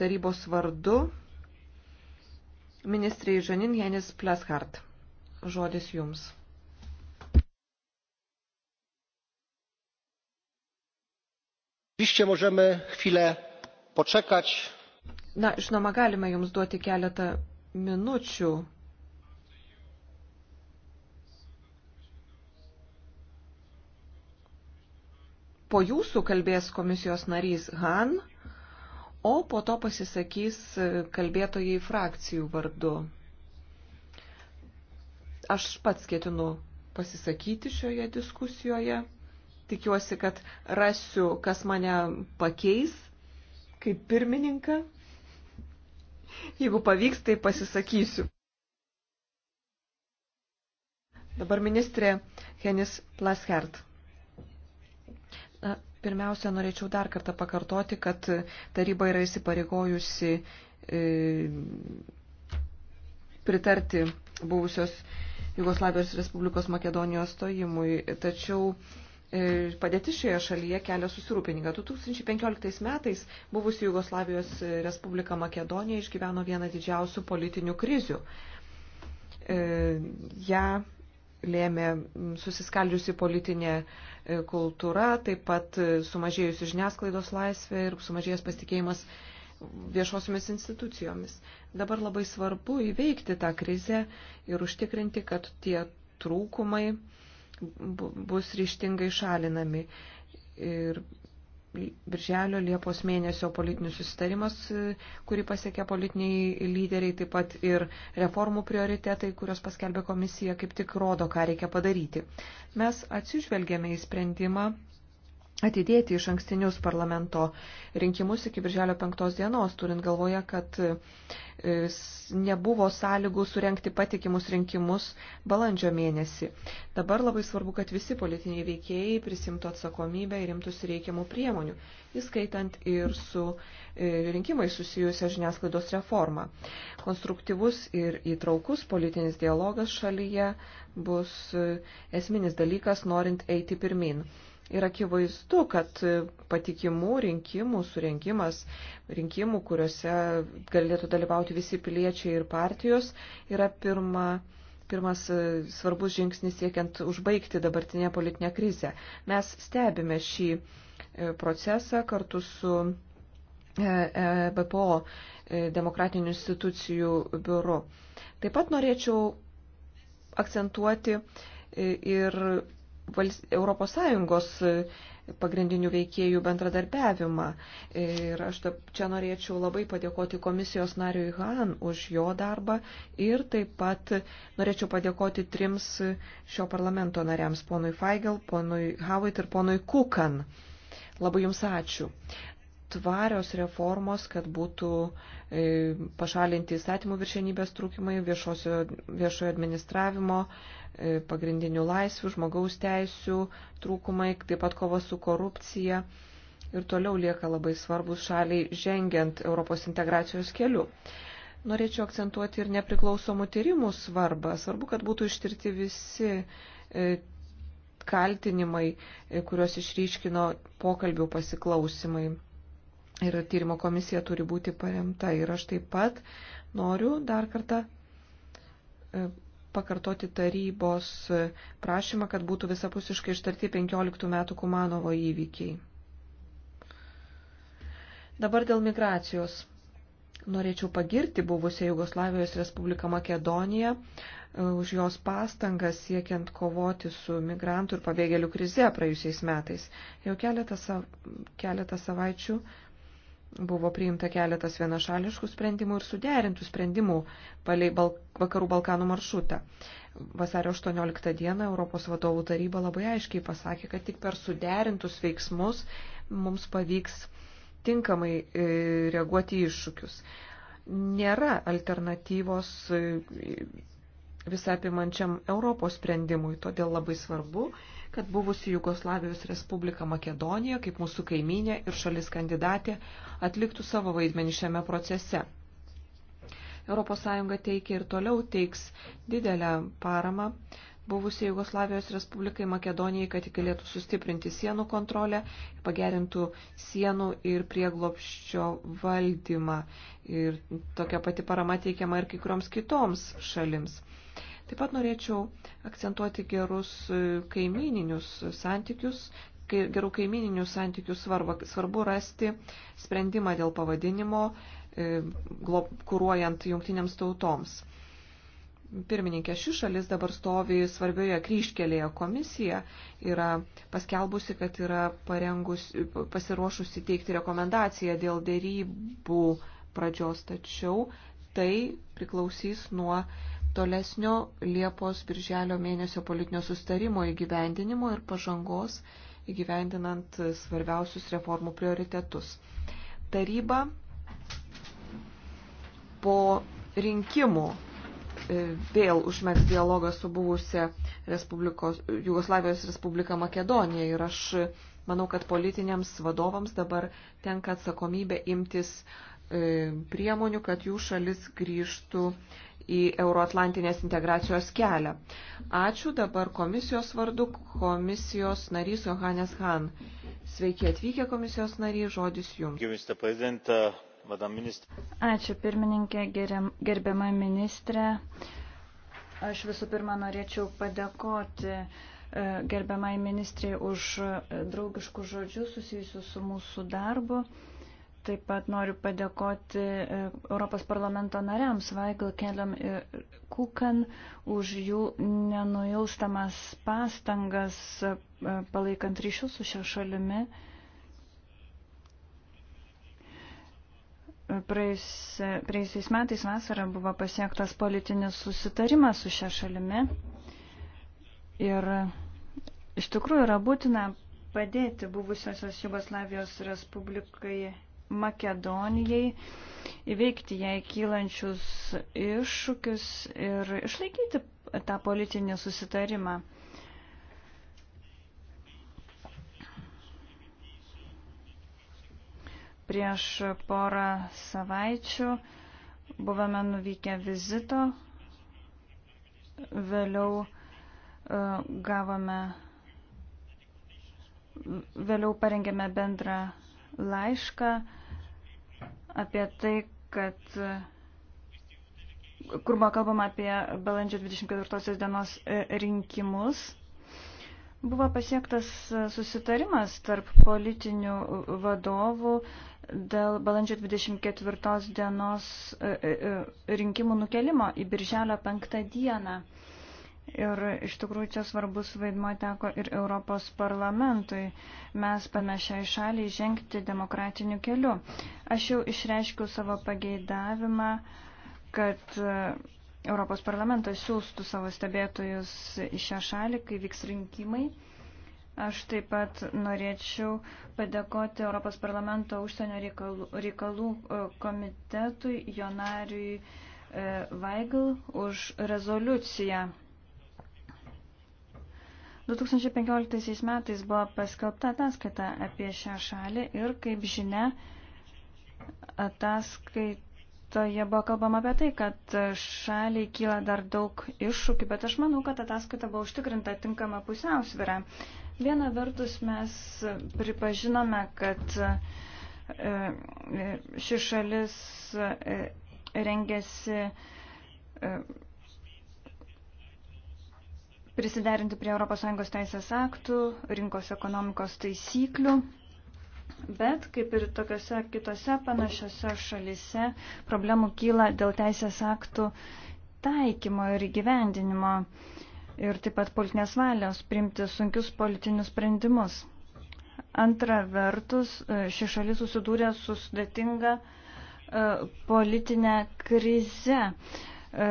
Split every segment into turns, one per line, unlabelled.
tarybos vardu ministrė Žanin Henis Pleshart. Žodis jums.
Oczywiście możemy chwilę poczekać.
Na, žinoma, galime jums duoti keletą minučių. Po jūsų kalbės komisijos narys Han o po to pasisakys kalbėtojai frakcijų vardu. Aš pats ketinu pasisakyti šioje diskusijoje. Tikiuosi, kad rasiu, kas mane pakeis kaip pirmininką. Jeigu pavyks, tai pasisakysiu. Dabar ministrė Henis Plaskert. Pirmiausia, norėčiau dar kartą pakartoti, kad taryba yra įsipareigojusi e, pritarti buvusios Jugoslavijos Respublikos Makedonijos stojimui, tačiau e, padėti šioje šalyje kelia susirūpinimą. 2015 metais buvusi Jugoslavijos Respublika Makedonija išgyveno vieną didžiausių politinių krizių. E, ja, lėmė susiskaldžiusi politinė e, kultūra, taip pat e, sumažėjusi žiniasklaidos laisvė ir sumažėjęs pasitikėjimas viešosiomis institucijomis. Dabar labai svarbu įveikti tą krizę ir užtikrinti, kad tie trūkumai bus ryštingai šalinami. Ir Birželio Liepos mėnesio politinis susitarimas, e, kurį pasiekė politiniai lyderiai, taip pat ir reformų prioritetai, kurios paskelbė komisija, kaip tik rodo, ką reikia padaryti. Mes atsižvelgėme į sprendimą atidėti iš ankstinius parlamento rinkimus iki birželio penktos dienos, turint galvoje, kad e, nebuvo sąlygų surenkti patikimus rinkimus balandžio mėnesį. Dabar labai svarbu, kad visi politiniai veikėjai prisimtų atsakomybę ir imtųsi reikiamų priemonių, įskaitant ir su e, rinkimai susijusią žiniasklaidos reformą. Konstruktyvus ir įtraukus politinis dialogas šalyje bus e, esminis dalykas, norint eiti pirmin. Ir akivaizdu, kad patikimų rinkimų surinkimas, rinkimų, kuriuose galėtų dalyvauti visi piliečiai ir partijos, yra pirma, pirmas e, svarbus žingsnis siekiant užbaigti dabartinę politinę krizę. Mes stebime šį e, procesą kartu su e, BPO demokratinių institucijų biuru. Taip pat norėčiau akcentuoti ir ES e, pagrindinių veikėjų bendradarbiavimą. Ir aš čia norėčiau labai padėkoti komisijos nariui Han už jo darbą ir taip pat norėčiau padėkoti trims šio parlamento nariams, ponui Feigel, ponui Havit ir ponui Kukan. Labai jums ačiū. Tvarios reformos, kad būtų e, pašalinti įstatymų viršenybės trūkimai viešojo, viešojo administravimo e, pagrindinių laisvių, žmogaus teisių trūkumai, taip pat kova su korupcija ir toliau lieka labai svarbus šaliai žengiant Europos integracijos keliu. Norėčiau akcentuoti ir nepriklausomų tyrimų svarbą. Svarbu, kad būtų ištirti visi e, kaltinimai, e, kuriuos išryškino pokalbių pasiklausimai. Ir tyrimo komisija turi būti paremta. Ir aš taip pat noriu dar kartą e, pakartoti tarybos prašymą, kad būtų visapusiškai ištarti 15 metų Kumanovo įvykiai. Dabar dėl migracijos. Norėčiau pagirti buvusią Jugoslavijos Respubliką Makedoniją e, už jos pastangas siekiant kovoti su migrantų ir pabėgėlių krize praėjusiais metais. Jau keletą, sa keletą savaičių Buvo priimta keletas vienašališkų sprendimų ir suderintų sprendimų palei Bal vakarų Balkanų maršrutą. Vasario 18 dieną Europos vadovų taryba labai aiškiai pasakė, kad tik per suderintus veiksmus mums pavyks tinkamai e, reaguoti į iššūkius. Nėra alternatyvos e, visapimančiam Europos sprendimui, todėl labai svarbu, kad buvusi Jugoslavijos Respublika Makedonija, kaip mūsų kaiminė ir šalis kandidatė, atliktų savo vaidmenį šiame procese. ES teikia ir toliau teiks didelę paramą buvusiai Jugoslavijos Respublikai Makedonijai, kad galėtų sustiprinti sienų kontrolę, pagerintų sienų ir prieglopščio valdymą. Ir tokia pati parama teikiama ir kai kurioms kitoms šalims. Taip pat norėčiau akcentuoti gerus e, kaimininius santykius, gerų kaimininių santykių svarbą. Svarbu rasti sprendimą dėl pavadinimo, e, kūruojant jungtinėms tautoms. Pirmininkė, ši šalis dabar stovi svarbioje kryškelėje. Komisija yra paskelbusi, kad yra parengus, pasiruošusi teikti rekomendaciją dėl dėrybų pradžios, tačiau tai priklausys nuo tolesnio Liepos birželio mėnesio politinio sustarimo įgyvendinimo ir pažangos įgyvendinant svarbiausius reformų prioritetus. Taryba po rinkimų e, vėl užmėgs dialogą su buvusia Respublikos, Jugoslavijos Respublika Makedonija ir aš manau, kad politiniams vadovams dabar tenka atsakomybė imtis e, priemonių, kad jų šalis grįžtų į Euroatlantinės integracijos kelią. Ačiū dabar komisijos vardu komisijos narys
Johannes Han. Sveiki atvykę komisijos
nariai, žodis
jums. Uh,
Ačiū pirmininkė, gerbiama ministrė. Aš visų pirma norėčiau padėkoti uh, gerbiamai ministrė už uh, draugiškus žodžius susijusius su mūsų darbu. Taip pat noriu padėkoti e, Europos parlamento nariams Vaigl, Keliam ir Kukan už jų nenuilstamas pastangas e, palaikant ryšius su šia šalimi. Praėjusiais metais vasarą buvo pasiektas politinis susitarimas su šia šalimi ir iš tikrųjų yra būtina padėti buvusiosios Jugoslavijos Respublikai Makedonijai įveikti jai kylančius iššūkius ir išlaikyti tą politinį susitarimą. Prieš porą savaičių buvome nuvykę vizito, vėliau e, gavome, vėliau parengėme bendrą laišką apie tai, kad kur buvo kalbama apie balandžio 24 dienos e, rinkimus, buvo pasiektas e, susitarimas tarp politinių vadovų dėl balandžio 24 dienos e, rinkimų nukelimo į birželio 5 dieną. Ir iš tikrųjų čia svarbus vaidmo teko ir Europos parlamentui. Mes panašiai šaliai žengti demokratiniu keliu. Aš jau išreiškiau savo pageidavimą, kad e, Europos parlamentas siūstų savo stebėtojus į šią šalį, kai vyks rinkimai. Aš taip pat norėčiau padėkoti Europos parlamento užsienio reikalų, reikalų komitetui, jo nariui Vaigl, e, už rezoliuciją 2015 metais buvo paskelbta ataskaita apie šią šalį ir, kaip žinia, ataskaitoje buvo kalbama apie tai, kad šaliai kyla dar daug iššūkių, bet aš manau, kad ataskaita buvo užtikrinta tinkama pusiausvyrą. Viena vertus mes pripažinome, kad e, e, ši šalis e, rengėsi prisiderinti prie ES teisės aktų, rinkos ekonomikos taisyklių. Bet, kaip ir tokiuose kitose panašiose šalise, problemų kyla dėl teisės aktų taikymo ir įgyvendinimo ir taip pat politinės valios priimti sunkius politinius sprendimus. Antra vertus, e, ši šalis susidūrė su sudėtinga e, politinė krize. E,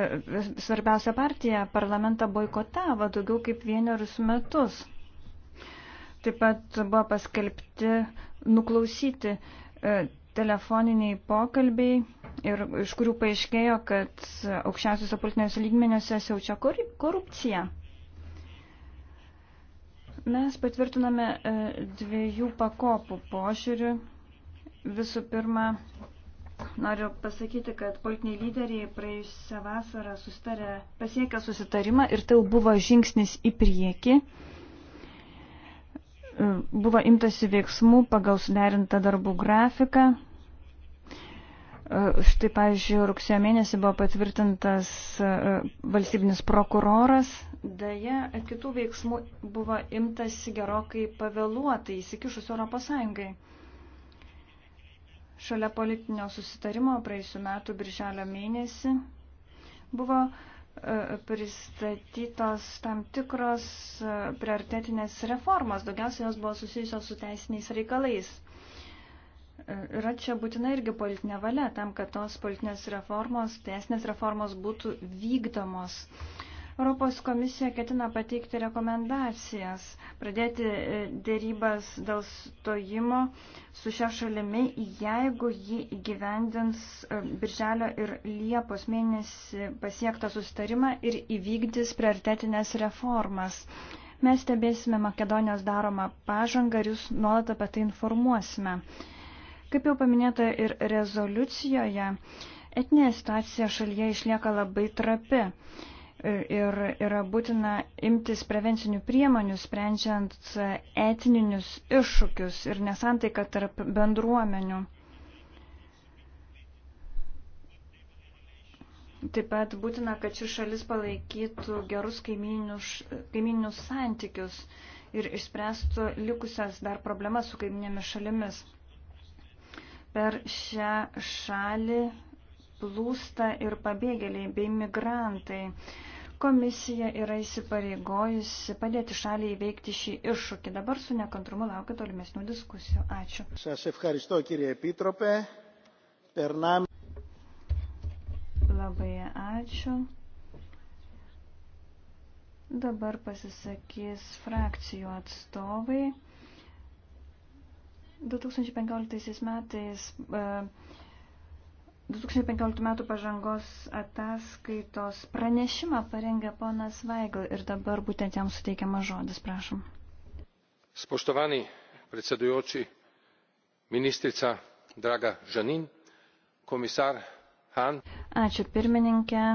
svarbiausia partija parlamentą boikotavo daugiau kaip vienerius metus. Taip pat buvo paskelbti nuklausyti e, telefoniniai pokalbiai, ir, iš kurių paaiškėjo, kad aukščiausiuose politinėse lygmenėse siaučia korupcija. Mes patvirtiname e, dviejų pakopų požiūrį. Visų pirma, Noriu pasakyti, kad politiniai lyderiai praėjusią vasarą sustarė, pasiekė susitarimą ir tai buvo žingsnis į priekį. E, buvo imtasi veiksmų pagal suderintą darbų grafiką. E, štai, pavyzdžiui, rugsėjo mėnesį buvo patvirtintas e, valstybinis prokuroras. Deja, kitų veiksmų buvo imtasi gerokai pavėluotai įsikišus Europos Sąjungai. Šalia politinio susitarimo praėjusiu metu birželio mėnesį buvo e, pristatytos tam tikros e, prioritetinės reformos, daugiausiai jos buvo susijusios su teisiniais reikalais. E, yra čia būtina irgi politinė valia tam, kad tos politinės reformos, teisinės reformos būtų vykdomos. Uh, Europos komisija ketina pateikti rekomendacijas, pradėti e, dėrybas dėl stojimo su šia šalimi, jeigu ji įgyvendins e, Birželio ir Liepos mėnesį pasiektą sustarimą ir įvykdys prioritetinės reformas. Mes stebėsime Makedonijos daromą pažangą ir jūs nuolat apie tai informuosime. Kaip jau paminėta ir rezoliucijoje, etinė situacija šalyje išlieka labai trapi ir yra būtina imtis prevencinių priemonių, sprendžiant etninius iššūkius ir nesantaiką tarp bendruomenių. Taip pat būtina, kad ši šalis palaikytų gerus kaiminius santykius ir išspręstų likusias dar problemas su kaiminėmis šalimis. Per šią šalį plūsta ir pabėgėliai bei migrantai. Uh, Komisija yra įsipareigojusi padėti šaliai įveikti šį iššūkį. Dabar su nekantrumu laukia tolimesnių diskusijų. Ačiū. Labai ačiū. Dabar pasisakys frakcijų atstovai. 2015 metais. Uh, 2015 metų pažangos ataskaitos pranešimą parengė ponas Vaigl ir dabar būtent jam suteikiamas žodis, prašom.
Spoštovani predsedujoči, ministrica Draga Žanin, komisar Han.
Ačiū pirmininkė,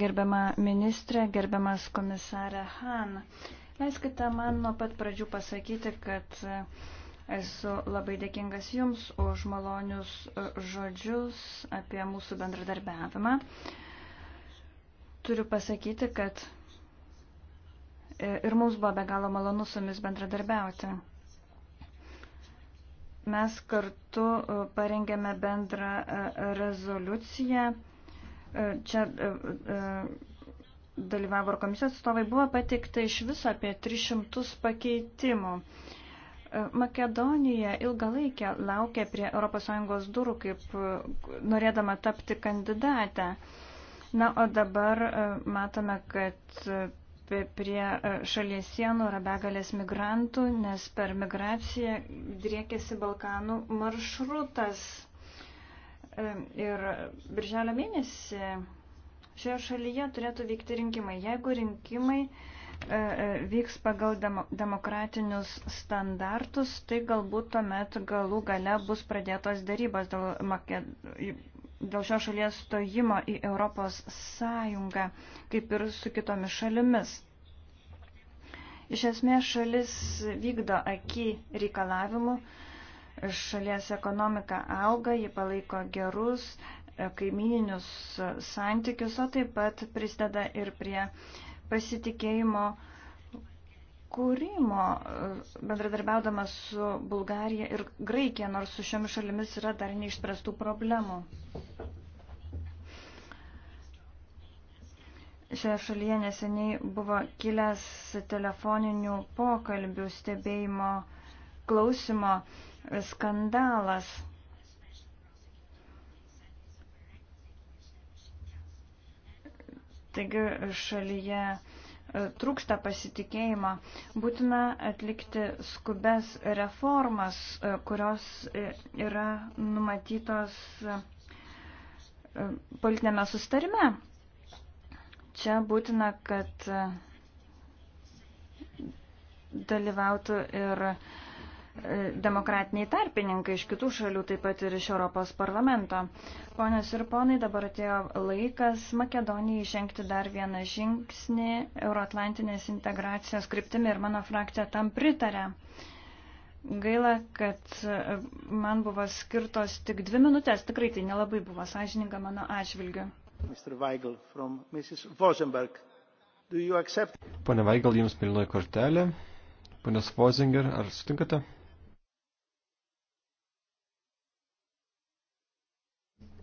gerbiama ministrė, gerbiamas komisarė Han. Leiskite man nuo pat pradžių pasakyti, kad Esu labai dėkingas Jums už malonius e, žodžius apie mūsų bendradarbiavimą. Turiu pasakyti, kad e, ir mums buvo be galo malonu su Jumis bendradarbiauti. Mes kartu e, parengėme bendrą rezoliuciją. Čia dalyvavo ir komisijos atstovai, buvo pateikta iš viso apie 300 pakeitimų. Makedonija ilgą laikę laukė prie ES durų, kaip e, norėdama tapti kandidatę. Na, o dabar e, matome, kad e, prie šalies sienų yra begalės migrantų, nes per migraciją driekėsi Balkanų maršrutas. Ir birželio mėnesį šioje šalyje turėtų vykti rinkimai. Jeigu rinkimai E, e, vyks pagal demokratinius standartus, tai galbūt tuomet galų gale bus pradėtos darybos dėl, dėl šios šalies stojimo į Europos Sąjungą, kaip ir su kitomis šalimis. Iš esmės šalis vykdo akį reikalavimų, šalies ekonomika auga, ji palaiko gerus e, kaimininius santykius, o taip pat prisideda ir prie uh, pasitikėjimo kūrimo, bendradarbiaudamas su Bulgarija ir Graikija, nors su šiomis šalimis yra dar neišspręstų problemų. Šioje šalyje neseniai buvo kilęs telefoninių pokalbių stebėjimo klausimo skandalas. Taigi šalyje e, trūksta pasitikėjimo. Būtina atlikti skubes reformas, e, kurios e, yra numatytos politinėme sustarime. Čia būtina, kad dalyvautų ir uh, demokratiniai tarpininkai iš kitų šalių, taip pat ir iš Europos parlamento. Ponios ir ponai, dabar atėjo laikas Makedonijai žengti dar vieną žingsnį Euroatlantinės integracijos kryptimi ir mano frakcija tam pritarė. Gaila, kad man buvo skirtos tik dvi minutės, tikrai tai nelabai buvo sąžininga mano atžvilgiu.
Pone Vaigel, jums pilnoji kortelė. Ponas Vozinger, ar sutinkate?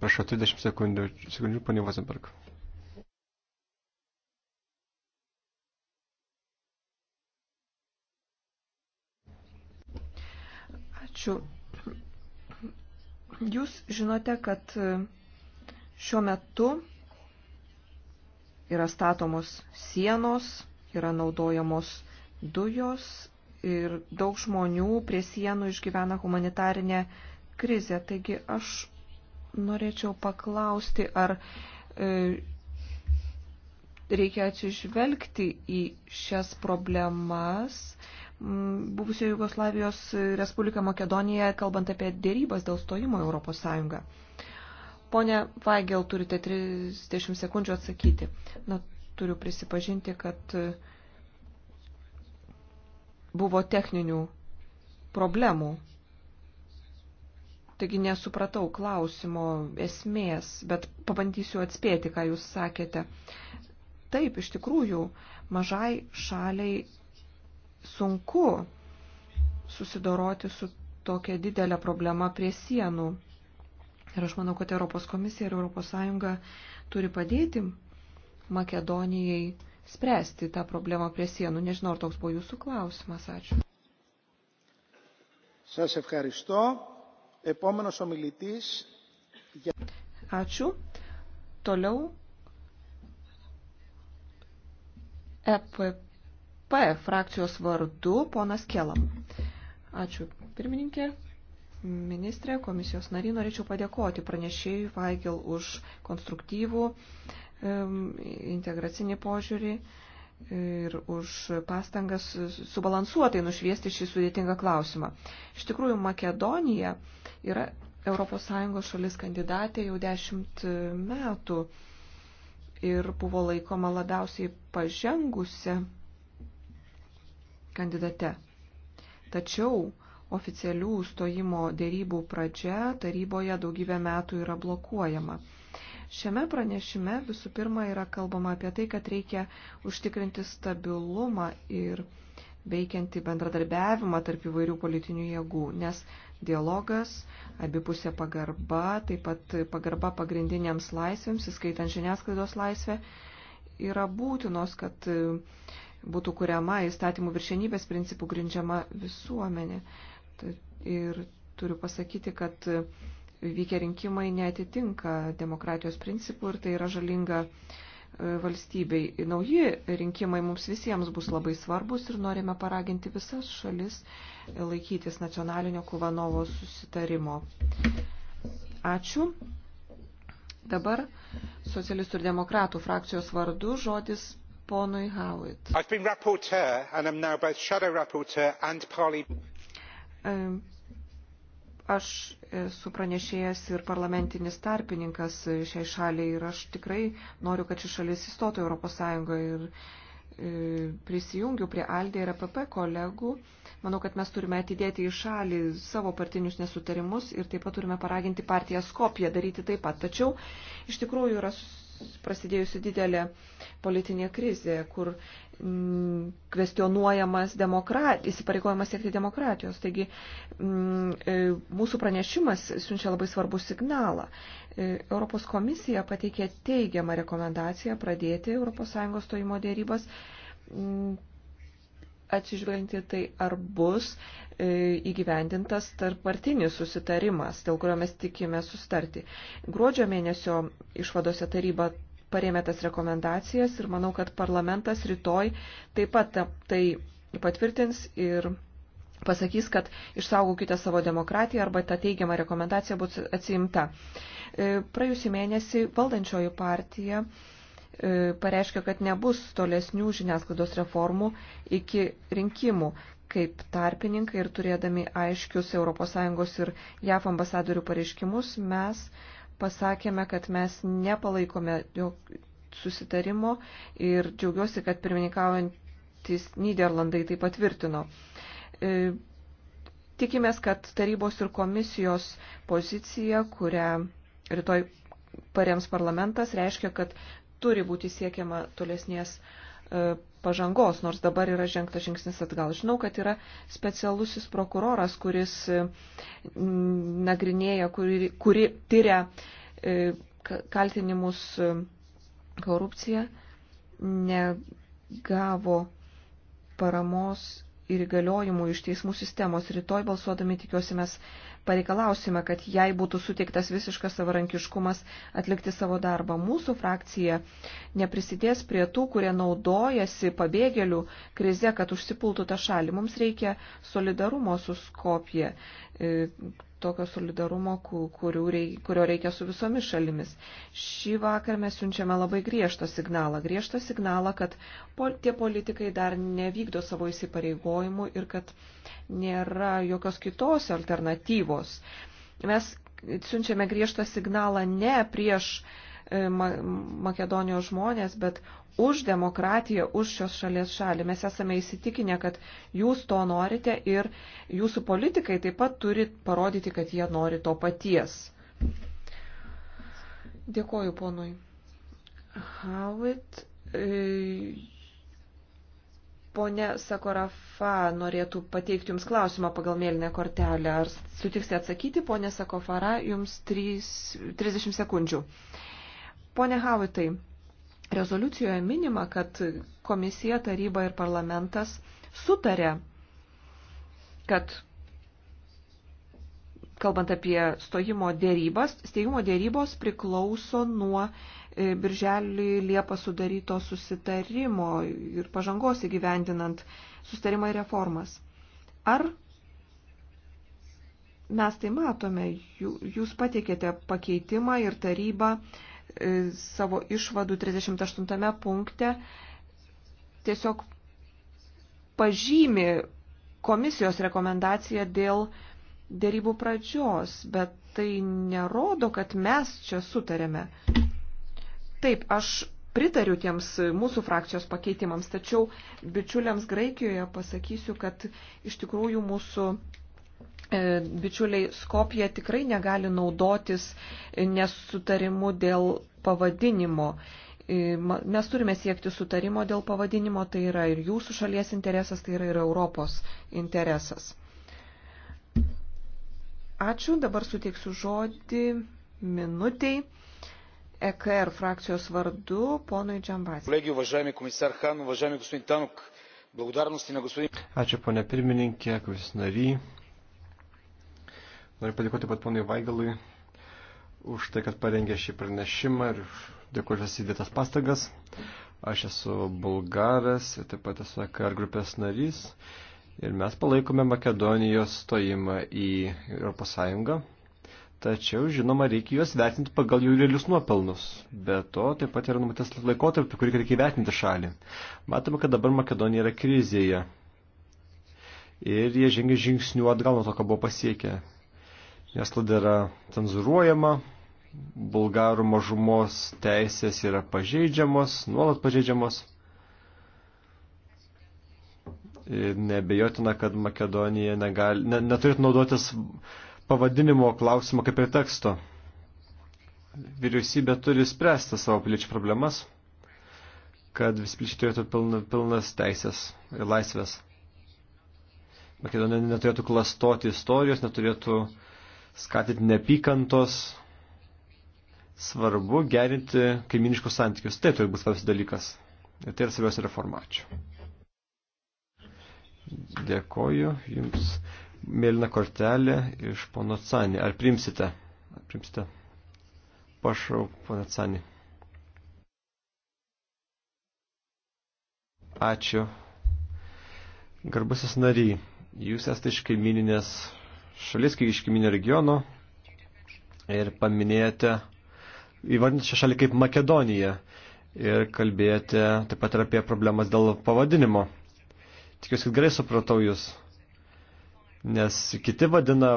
Prašau, 30 sekundžių, sekundžių ponė Vazenberg.
Ačiū. Jūs žinote, kad e, šiuo metu yra statomos sienos, yra naudojamos dujos ir daug žmonių prie sienų išgyvena humanitarinę krizę. Taigi aš norėčiau paklausti, ar e, reikia atsižvelgti į šias problemas. Buvusio Jugoslavijos Respublika Makedonija, kalbant apie dėrybas dėl stojimo Europos Sąjungą. Pone Vaigel, turite 30 sekundžių atsakyti. Na, turiu prisipažinti, kad e, buvo techninių problemų Taigi nesupratau klausimo esmės, bet pabandysiu atspėti, ką jūs sakėte. Taip, iš tikrųjų, mažai šaliai sunku susidoroti su tokia didelė problema prie sienų. Ir aš manau, kad Europos komisija ir Europos Sąjunga turi padėti Makedonijai spręsti tą problemą prie sienų. Nežinau, ar toks buvo jūsų klausimas. Ačiū.
Σας ευχαριστώ. Επόμενος ομιλητής...
Ačiū. Toliau EPP frakcijos vardu ponas Kelam. Ačiū pirmininkė, ministrė, komisijos nariai. Norėčiau padėkoti pranešėjui Vaigel už konstruktyvų integracinį požiūrį ir už pastangas subalansuotai nušviesti šį sudėtingą klausimą. Iš tikrųjų, Makedonija yra ES šalis kandidatė jau dešimt metų ir buvo laikoma labiausiai pažengusi kandidate. Tačiau oficialių stojimo dėrybų pradžia taryboje daugybę metų yra blokuojama. Šiame pranešime visų pirma yra kalbama apie tai, kad reikia užtikrinti stabilumą ir veikianti bendradarbiavimą tarp įvairių politinių jėgų, nes dialogas, abipusė pagarba, taip pat pagarba pagrindiniams laisvėms, įskaitant žiniasklaidos laisvę, yra būtinos, kad būtų kuriama įstatymų viršenybės principų grindžiama visuomenė. Ir turiu pasakyti, kad vykę rinkimai netitinka demokratijos principų ir tai yra žalinga e, valstybei. Nauji rinkimai mums visiems bus labai svarbus ir norime paraginti visas šalis e, laikytis nacionalinio Kuvanovo susitarimo. Ačiū. Dabar socialistų ir demokratų frakcijos vardu žodis ponui Howitt. Aš esu pranešėjas ir parlamentinis tarpininkas šiai šaliai ir aš tikrai noriu, kad ši šalis įstotų Europos Sąjungoje ir e, prisijungiu prie Aldė ir APP kolegų. Manau, kad mes turime atidėti į šalį savo partinius nesutarimus ir taip pat turime paraginti partiją Skopiją daryti taip pat. Tačiau iš tikrųjų yra prasidėjusi didelė politinė krizė, kur mm, kvestionuojamas demokrat, įsipareigojimas siekti demokratijos. Taigi mm, e, mūsų pranešimas siunčia labai svarbų signalą. E, Europos komisija pateikė teigiamą rekomendaciją pradėti ES stojimo dėrybas. Mm, atsižvelgti tai, ar bus e, įgyvendintas tarpartinis susitarimas, dėl kurio mes tikime sustarti. Gruodžio mėnesio išvadose taryba parėmė tas rekomendacijas ir manau, kad parlamentas rytoj taip pat tai patvirtins ir pasakys, kad išsaugokite savo demokratiją arba ta teigiama rekomendacija bus atsiimta. E, praėjusį mėnesį valdančioji partija e, E, pareiškė, kad nebus tolesnių žiniasklaidos reformų iki rinkimų, kaip tarpininkai ir turėdami aiškius ES ir JAF ambasadorių pareiškimus, mes pasakėme, kad mes nepalaikome susitarimo ir džiaugiuosi, kad pirmininkaujantis Niderlandai tai patvirtino. E, tikimės, kad tarybos ir komisijos pozicija, kurią rytoj parems parlamentas, reiškia, kad turi būti siekiama tolesnės e, pažangos, nors dabar yra žengtas žingsnis atgal. Žinau, kad yra specialusis prokuroras, kuris e, nagrinėja, kuri, kuri tyria e, kaltinimus korupciją, negavo paramos ir įgaliojimų iš teismų sistemos. Rytoj balsuodami tikiuosi mes pareikalausime, kad jai būtų suteiktas visiškas savarankiškumas atlikti savo darbą. Mūsų frakcija neprisidės prie tų, kurie naudojasi pabėgėlių krize, kad užsipultų tą šalį. Mums reikia solidarumo su Skopje e, tokio solidarumo, kurio reikia su visomis šalimis. Šį vakar mes siunčiame labai griežtą signalą. Griežtą signalą, kad pol, tie politikai dar nevykdo savo įsipareigojimų ir kad nėra jokios kitos alternatyvos. Mes siunčiame griežtą signalą ne prieš uh, E, Makedonijos žmonės, bet už demokratiją, už šios šalies šalį. Mes esame įsitikinę, kad jūs to norite ir jūsų politikai taip pat turi parodyti, kad jie nori to paties. Dėkoju ponui. Howitt. E, pone Sakorafa norėtų pateikti Jums klausimą pagal mėlynę kortelę. Ar sutiksite atsakyti, ponė Sakofara, Jums 3, 30 sekundžių. Uh, Pone Havitai, rezoliucijoje minima, kad komisija, taryba ir parlamentas sutarė, kad kalbant apie stojimo dėrybas, steigimo dėrybos priklauso nuo e, birželį Liepą sudaryto susitarimo ir pažangos įgyvendinant susitarimą ir reformas. Ar mes tai matome, jūs pateikėte pakeitimą ir taryba E, savo išvadų 38 punkte tiesiog pažymi komisijos rekomendaciją dėl dėrybų pradžios, bet tai nerodo, kad mes čia sutarėme. Taip, aš pritariu tiems mūsų frakcijos pakeitimams, tačiau bičiuliams Graikijoje pasakysiu, kad iš tikrųjų mūsų E, bičiuliai Skopija tikrai negali naudotis nesutarimu dėl pavadinimo. E, mes turime siekti sutarimo dėl pavadinimo, tai yra ir jūsų šalies interesas, tai yra ir Europos interesas. Ačiū, dabar suteiksiu žodį minutiai. EKR фракциос варду понui Джамбази.
Колеги, уважаеми комисар Хан, уважаеми господин Танок, благодарности на господин... Ačiū, ponė pirmininkė, kuris nary. Noriu padėkoti pat ponui Vaigalui už tai, kad parengė šį pranešimą ir dėkuoju už įdėtas pastagas. Aš esu bulgaras ir taip pat esu AKR grupės narys ir mes palaikome Makedonijos stojimą į Europos Sąjungą. Tačiau, žinoma, reikia juos vertinti pagal jų realius nuopelnus. Be to, taip pat yra numatytas laikotarpis, kurį reikia vertinti šalį. Matome, kad dabar Makedonija yra krizėje. Ir jie žengia žingsnių atgal nuo to, ką buvo pasiekę. Žiniasklaida yra cenzuruojama, bulgarų mažumos teisės yra pažeidžiamos, nuolat pažeidžiamos. Ir nebejotina, kad Makedonija negali, ne, neturėtų naudotis pavadinimo klausimo kaip ir teksto. Vyriausybė turi spręsti savo piliečių problemas, kad visi piliečiai turėtų pilna, pilnas teisės ir laisvės. Makedonija neturėtų klastoti istorijos, neturėtų uh, skatinti nepykantos, svarbu gerinti kaiminiškus santykius. Tai turi būti svarbiausias dalykas. Ir tai yra svarbiausia reforma. Ačiū. Dėkoju Jums. Mėlyna kortelė iš pono Cani. Ar primsite? Ar primsite? Prašau, pono Cani. Ačiū. Garbusis nariai, jūs esate iš kaimininės šalis, kai iškiminė regiono ir paminėjote, įvardinti šią šalį kaip Makedonija ir kalbėjote taip pat ir apie problemas dėl pavadinimo. Tikiuosi, kad gerai supratau jūs, nes kiti vadina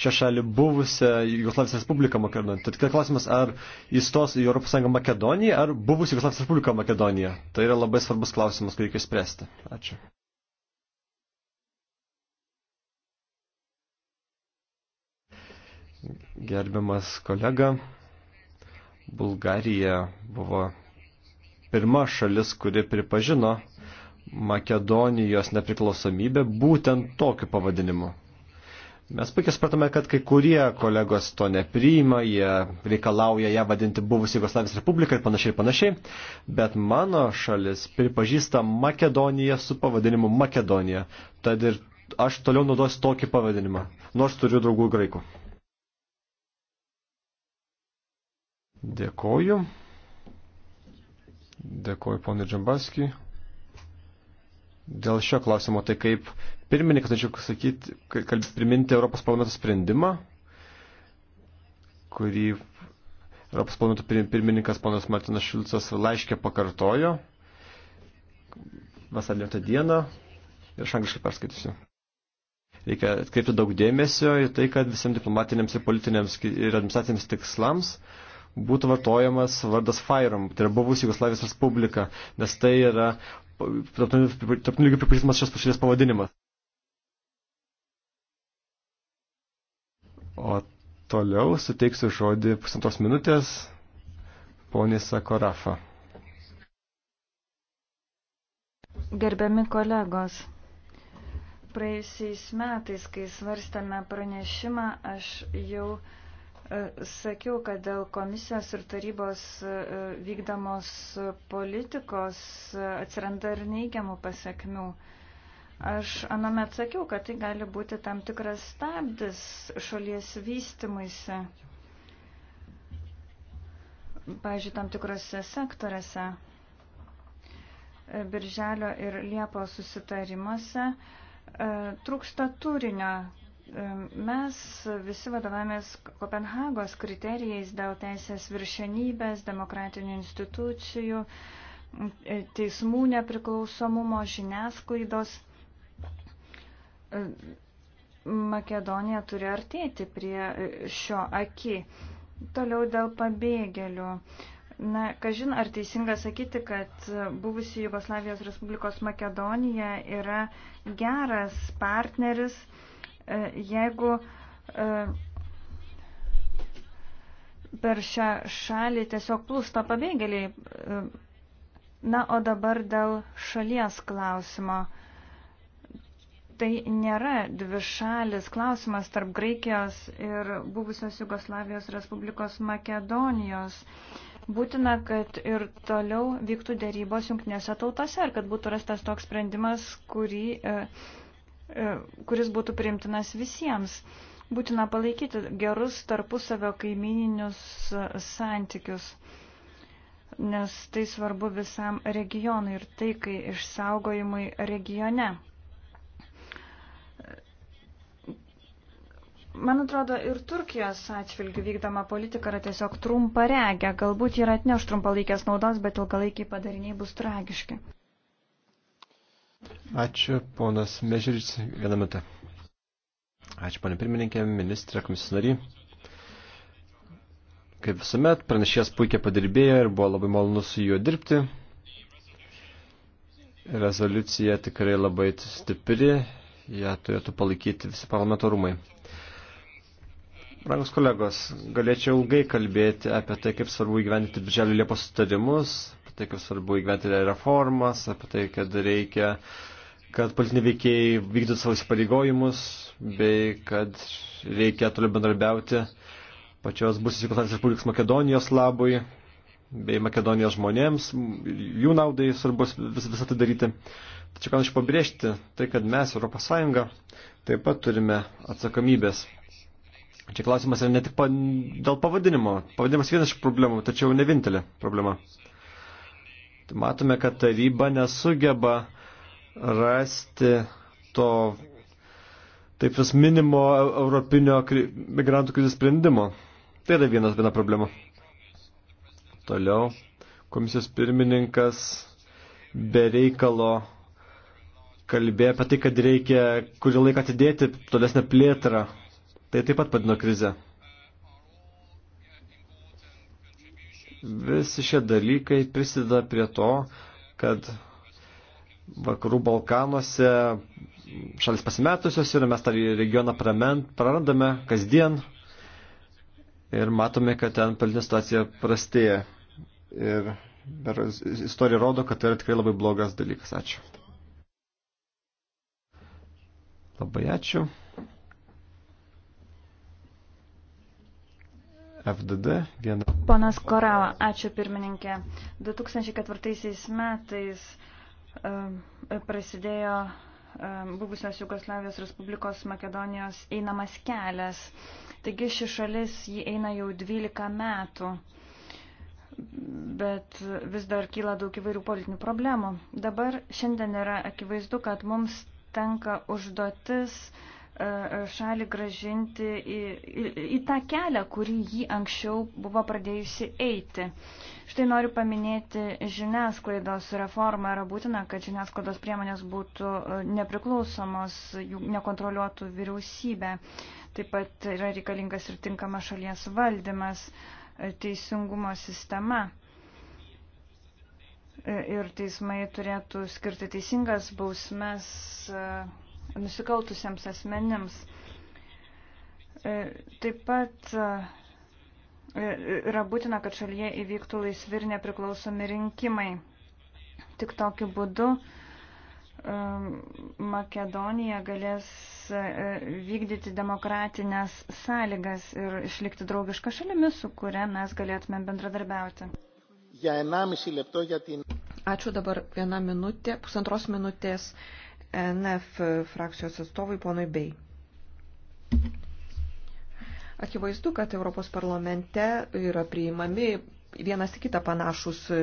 šią šalį buvusią Jugoslavijos Respubliką Makedoniją. Tad kitas klausimas, ar įstos į Europos Sąjungą Makedoniją, ar buvusi Jugoslavijos Respublika Makedonija. Tai yra labai svarbus klausimas, kurį reikia spręsti. Ačiū. Gerbiamas kolega, Bulgarija buvo pirma šalis, kuri pripažino Makedonijos nepriklausomybę būtent tokiu pavadinimu. Mes puikiai supratome, kad kai kurie kolegos to nepriima, jie reikalauja ją vadinti buvusi Jugoslavijos Respublika ir panašiai ir panašiai, bet mano šalis pripažįsta Makedoniją su pavadinimu Makedonija. Tad ir aš toliau naudosiu tokį pavadinimą, nors turiu draugų graikų. Dėkoju. Dėkoju ponui Džambaskiui. Dėl šio klausimo, tai kaip pirmininkas, tačiau sakyti, priminti Europos parlamento sprendimą, kurį Europos parlamento pirmininkas ponas Martinas Šilcas laiškė pakartojo vasarį 9 dieną ir aš angliškai perskaitysiu. Reikia atkreipti daug dėmesio į tai, kad visiems diplomatiniams ir politiniams ir administraciniams tikslams būtų vartojamas vardas Fairam, tai yra buvusi Jugoslavijos Respublika, nes tai yra tarptautiniu lygiu pripažįstamas šios pašalies pavadinimas. O toliau suteiksiu žodį pusantros minutės poniai Sakorafa.
Gerbiami kolegos, praėjusiais metais, kai svarstame pranešimą, aš jau uh, E, sakiau, kad dėl komisijos ir tarybos e, vykdomos politikos e, atsiranda ir neigiamų pasiekmių. Aš aname atsakiau, kad tai gali būti tam tikras stabdis šalies vystimuisi, pažiūrėjau, tam tikrose sektorėse. Birželio ir Liepo susitarimuose trūksta turinio, Mes visi vadovavomės Kopenhagos kriterijais dėl teisės viršenybės, demokratinių institucijų, teismų nepriklausomumo, žiniasklaidos. Makedonija turi artėti prie šio aki. Toliau dėl pabėgėlių. Na, kažin, ar teisinga sakyti, kad buvusi Jugoslavijos Respublikos Makedonija yra geras partneris uh, E, jeigu e, per šią šalį tiesiog plūsta pabėgėliai, e, na, o dabar dėl šalies klausimo. Tai nėra dvišalis klausimas tarp Graikijos ir buvusios Jugoslavijos Respublikos Makedonijos būtina, kad ir toliau vyktų dėrybos jungtinėse tautose ir kad būtų rastas toks sprendimas, kurį E, kuris būtų priimtinas visiems. Būtina palaikyti gerus tarpusavio kaimininius santykius, nes tai svarbu visam regionui ir taikai išsaugojimui regione. Man atrodo, ir Turkijos atšvilgių vykdoma politika yra tiesiog trumparegė. Galbūt yra atneš trumpalaikės naudos, bet ilgalaikiai padariniai bus tragiški.
Ačiū, ponas Mežiris, vieną metą. Ačiū, ponė pirmininkė, ministrė, komisijos nary. Kaip visuomet, pranešėjas puikiai padirbėjo ir buvo labai malonu su juo dirbti. Rezoliucija tikrai labai stipri, ją turėtų palaikyti visi parlamento rūmai. Brangus kolegos, galėčiau ilgai kalbėti apie tai, kaip svarbu įgyvendinti birželio Liepos sutarimus, apie tai, kaip svarbu įgyvendinti reformas, apie tai, kad reikia uh, kad politiniai veikėjai vykdytų savo įsipareigojimus, bei kad reikia toliau bendradarbiauti pačios busis Jugoslavijos Respublikos Makedonijos labui, bei Makedonijos žmonėms, jų naudai svarbu vis, visą tai daryti. Tačiau ką aš pabrėžti, tai kad mes, Europos Sąjunga, taip pat turime atsakomybės. Čia klausimas yra ne tik pa, dėl pavadinimo. Pavadinimas vienas iš problemų, tačiau ne vienintelė problema. Tai matome, kad taryba nesugeba rasti to taip vis minimo europinio migrantų krizės sprendimo. Tai yra vienas viena problema. Toliau komisijos pirmininkas be reikalo kalbėjo apie tai, kad reikia kurį laiką atidėti tolesnę plėtrą. Tai taip pat padino krizę. Visi šie dalykai prisideda prie to, kad vakarų Balkanuose šalis pasimetusios ir mes tą regioną prarandame kasdien ir matome, kad ten politinė situacija prastėja. Ir istorija rodo, kad tai yra tikrai labai blogas dalykas. Ačiū. Labai ačiū. FDD viena.
Ponas Korala, ačiū pirmininkė. 2004 metais prasidėjo buvusios Jugoslavijos Respublikos Makedonijos einamas kelias. Taigi ši šalis jį eina jau 12 metų, bet vis dar kyla daug įvairių politinių problemų. Dabar šiandien yra akivaizdu, kad mums tenka užduotis uh, E, e, šalį gražinti į, į, į tą kelią, kurį jį anksčiau buvo pradėjusi eiti. Štai noriu paminėti žiniasklaidos reformą. Yra būtina, kad žiniasklaidos priemonės būtų e, nepriklausomos, jų nekontroliuotų vyriausybė. Taip pat yra reikalingas ir tinkama šalies valdymas, teisingumo sistema. Ir teismai turėtų skirti teisingas bausmes nusikaltusiems asmenims. E, taip pat e, e, yra būtina, kad šalyje įvyktų laisvi ir nepriklausomi rinkimai. Tik tokiu būdu Makedonija galės vykdyti demokratinės sąlygas ir išlikti draugišką šalimi, su kuria mes galėtume bendradarbiauti. Ačiū dabar vieną minutę,
pusantros minutės NF frakcijos atstovui ponui Bei. Akivaizdu, kad Europos parlamente yra priimami vienas į kitą panašus e,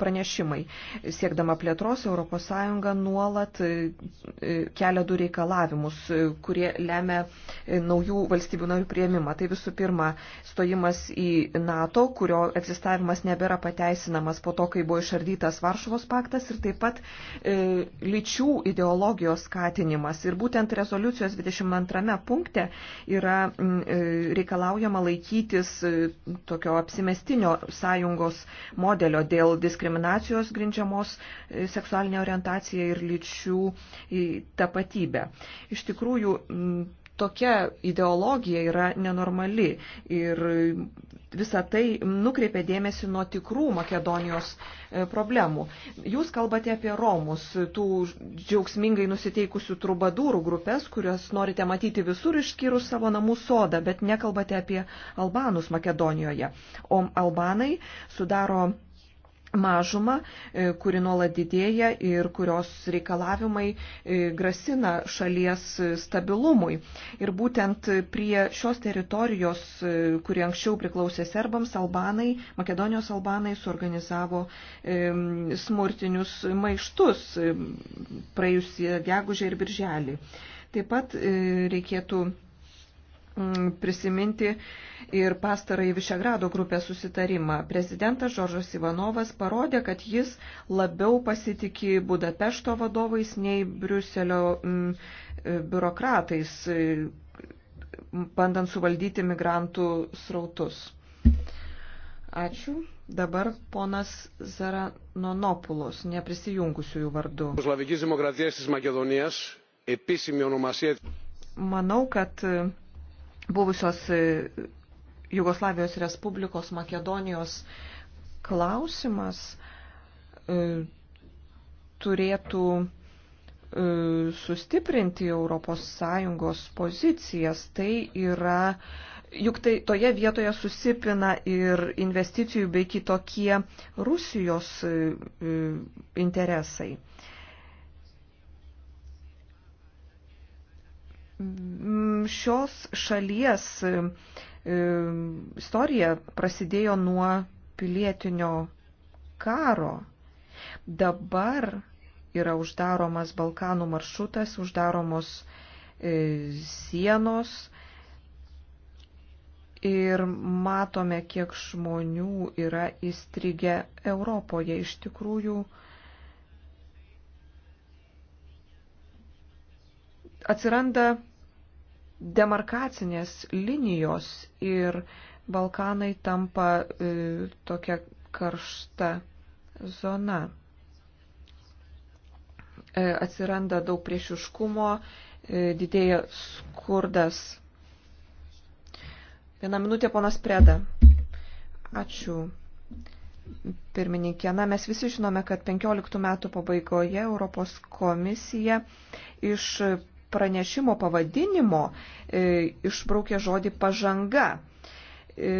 pranešimai. Siekdama plėtros, ES nuolat e, e, kelia du reikalavimus, kurie lemia naujų valstybių narių prieimimą. Tai visų pirma, stojimas į NATO, kurio egzistavimas nebėra pateisinamas po to, kai buvo išardytas Varšuvos paktas ir taip pat e, lyčių ideologijos skatinimas. Ir būtent rezoliucijos 22 punkte yra e, reikalaujama laikytis e, tokio apsimestinio sąjungos modelio dėl diskriminacijos grindžiamos e, seksualinė orientacija ir lyčių tapatybė. Iš tikrųjų, tokia ideologija yra nenormali ir visą tai nukreipia dėmesį nuo tikrų Makedonijos e, problemų. Jūs kalbate apie Romus, tų džiaugsmingai nusiteikusių trubadūrų grupės, kurias norite matyti visur išskyrus savo namų sodą, bet nekalbate apie Albanus Makedonijoje. O Albanai sudaro mažumą, e, kuri nuolat didėja ir kurios reikalavimai e, grasina šalies stabilumui. Ir būtent prie šios teritorijos, e, kuri anksčiau priklausė serbams, albanai, Makedonijos albanai suorganizavo smurtinius maištus praėjusį gegužę ir birželį. Taip pat reikėtų Mm, prisiminti ir pastarąjį Višegrado grupės susitarimą. Prezidentas Žoržas Ivanovas parodė, kad jis labiau pasitikė Budapešto vadovais nei Briuselio m, mm, biurokratais, bandant suvaldyti migrantų srautus. Ačiū. Dabar ponas Zaranonopulos, neprisijungusiųjų vardu. Manau, kad buvusios e, Jugoslavijos Respublikos Makedonijos klausimas e, turėtų e, sustiprinti ES pozicijas. Tai yra, juk tai toje vietoje susipina ir investicijų bei kitokie Rusijos interesai. Mm, šios šalies mm, mm, istorija prasidėjo nuo pilietinio karo. Dabar yra uždaromas Balkanų maršrutas, uždaromos e, sienos ir matome, kiek žmonių yra įstrigę Europoje. Iš tikrųjų, atsiranda demarkacinės linijos ir Balkanai tampa e, tokia karšta zona. E, atsiranda daug priešiškumo, e, didėja skurdas. Vieną minutę, ponas Preda. Ačiū pirmininkė. Na, mes visi žinome, kad 15 metų pabaigoje Europos komisija iš pranešimo pavadinimo e, išbraukė žodį pažanga. E,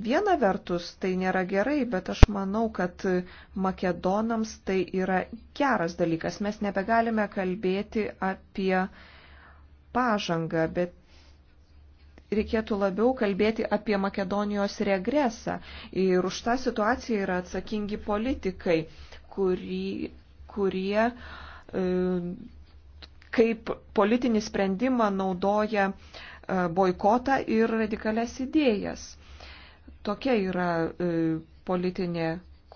Viena vertus tai nėra gerai, bet aš manau, kad makedonams tai yra geras dalykas. Mes nebegalime kalbėti apie pažangą, bet reikėtų labiau kalbėti apie Makedonijos regresą. Ir už tą situaciją yra atsakingi politikai, kuri, kurie e, kaip politinį sprendimą naudoja e, boikotą ir radikales idėjas. Tokia yra e, politinė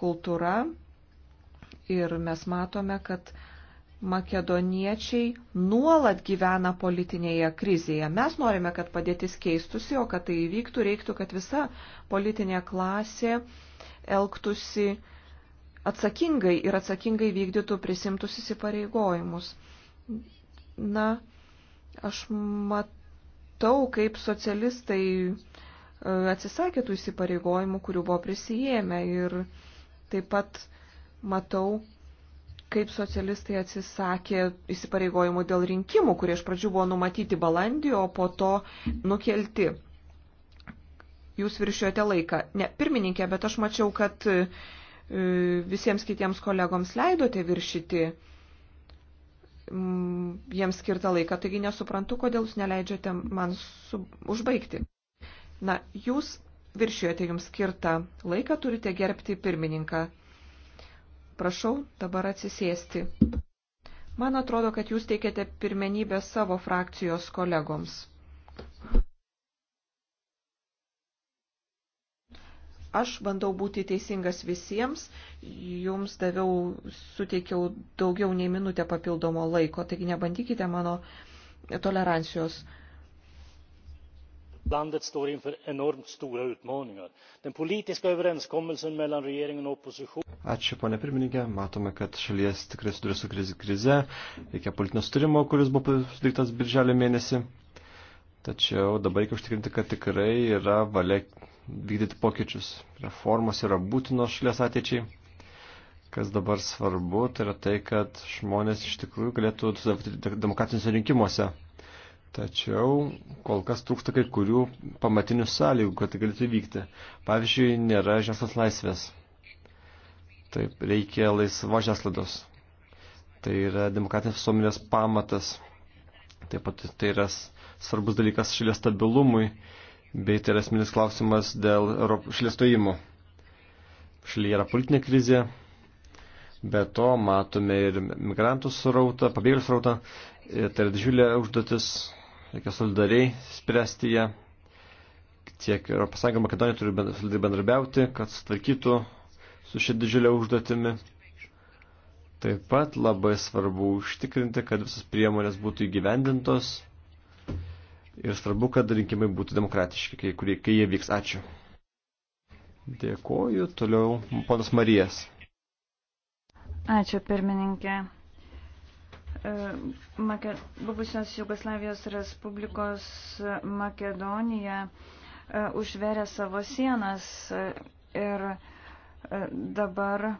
kultūra ir mes matome, kad makedoniečiai nuolat gyvena politinėje krizėje. Mes norime, kad padėtis keistusi, o kad tai įvyktų, reiktų, kad visa politinė klasė elgtųsi atsakingai ir atsakingai vykdytų prisimtus įsipareigojimus. Na, aš matau, kaip socialistai e, atsisakė tų įsipareigojimų, kurių buvo prisijėmę ir taip pat matau, kaip socialistai atsisakė įsipareigojimų dėl rinkimų, kurie iš pradžių buvo numatyti balandį, o po to nukelti. Jūs viršiuojate laiką. Ne, pirmininkė, bet aš mačiau, kad e, visiems kitiems kolegoms leidote viršyti Mm, jiems skirtą laiką, taigi nesuprantu, kodėl jūs neleidžiate man su, užbaigti. Na, jūs viršiuojate jums skirtą laiką, turite gerbti pirmininką. Prašau dabar atsisėsti. Man atrodo, kad jūs teikiate pirmenybę savo frakcijos kolegoms. Aš bandau būti teisingas visiems, jums daviau, suteikiau daugiau nei minutę papildomo laiko, taigi nebandykite mano tolerancijos.
Landet står inför enormt stora utmaningar. Den politiska överenskommelsen mellan regeringen och oppositionen.
Ačiū, ponė pirmininkė. Matome, kad šalies tikrai suduria su krize. Reikia politinio sturimo, kuris buvo sudarytas birželio mėnesį. Tačiau dabar reikia užtikrinti, kad tikrai yra valia vykdyti pokyčius. Reformos yra būtinos šalies ateičiai. Kas dabar svarbu, tai yra tai, kad žmonės iš tikrųjų galėtų dalyvauti demokratiniuose rinkimuose. Tačiau kol kas trūksta kai kurių pamatinių sąlygų, kad tai galėtų vykti. Pavyzdžiui, nėra žiniasklaidos laisvės. Taip, reikia laisvos žiniasklaidos. Tai yra demokratinės visuomenės pamatas. Taip pat tai yra svarbus dalykas šalies stabilumui bei tai yra esminis klausimas dėl šalies stojimo. Šalyje yra politinė krizė, be to matome ir migrantų srautą, pabėgėlių srautą, tai yra didžiulė užduotis, reikia solidariai spręsti ją. Tiek ES Makedonija turi solidariai bendrabiauti, kad sutvarkytų su šia didžiulė užduotimi. Taip pat labai svarbu užtikrinti, kad visas priemonės būtų įgyvendintos ir svarbu, kad rinkimai būtų demokratiški, kai, kurie, kai jie vyks. Ačiū. Dėkoju. Toliau ponas Marijas.
Ačiū, pirmininkė. E, Make... Buvusios Jugoslavijos Respublikos Makedonija e, užverė savo sienas e, ir dabar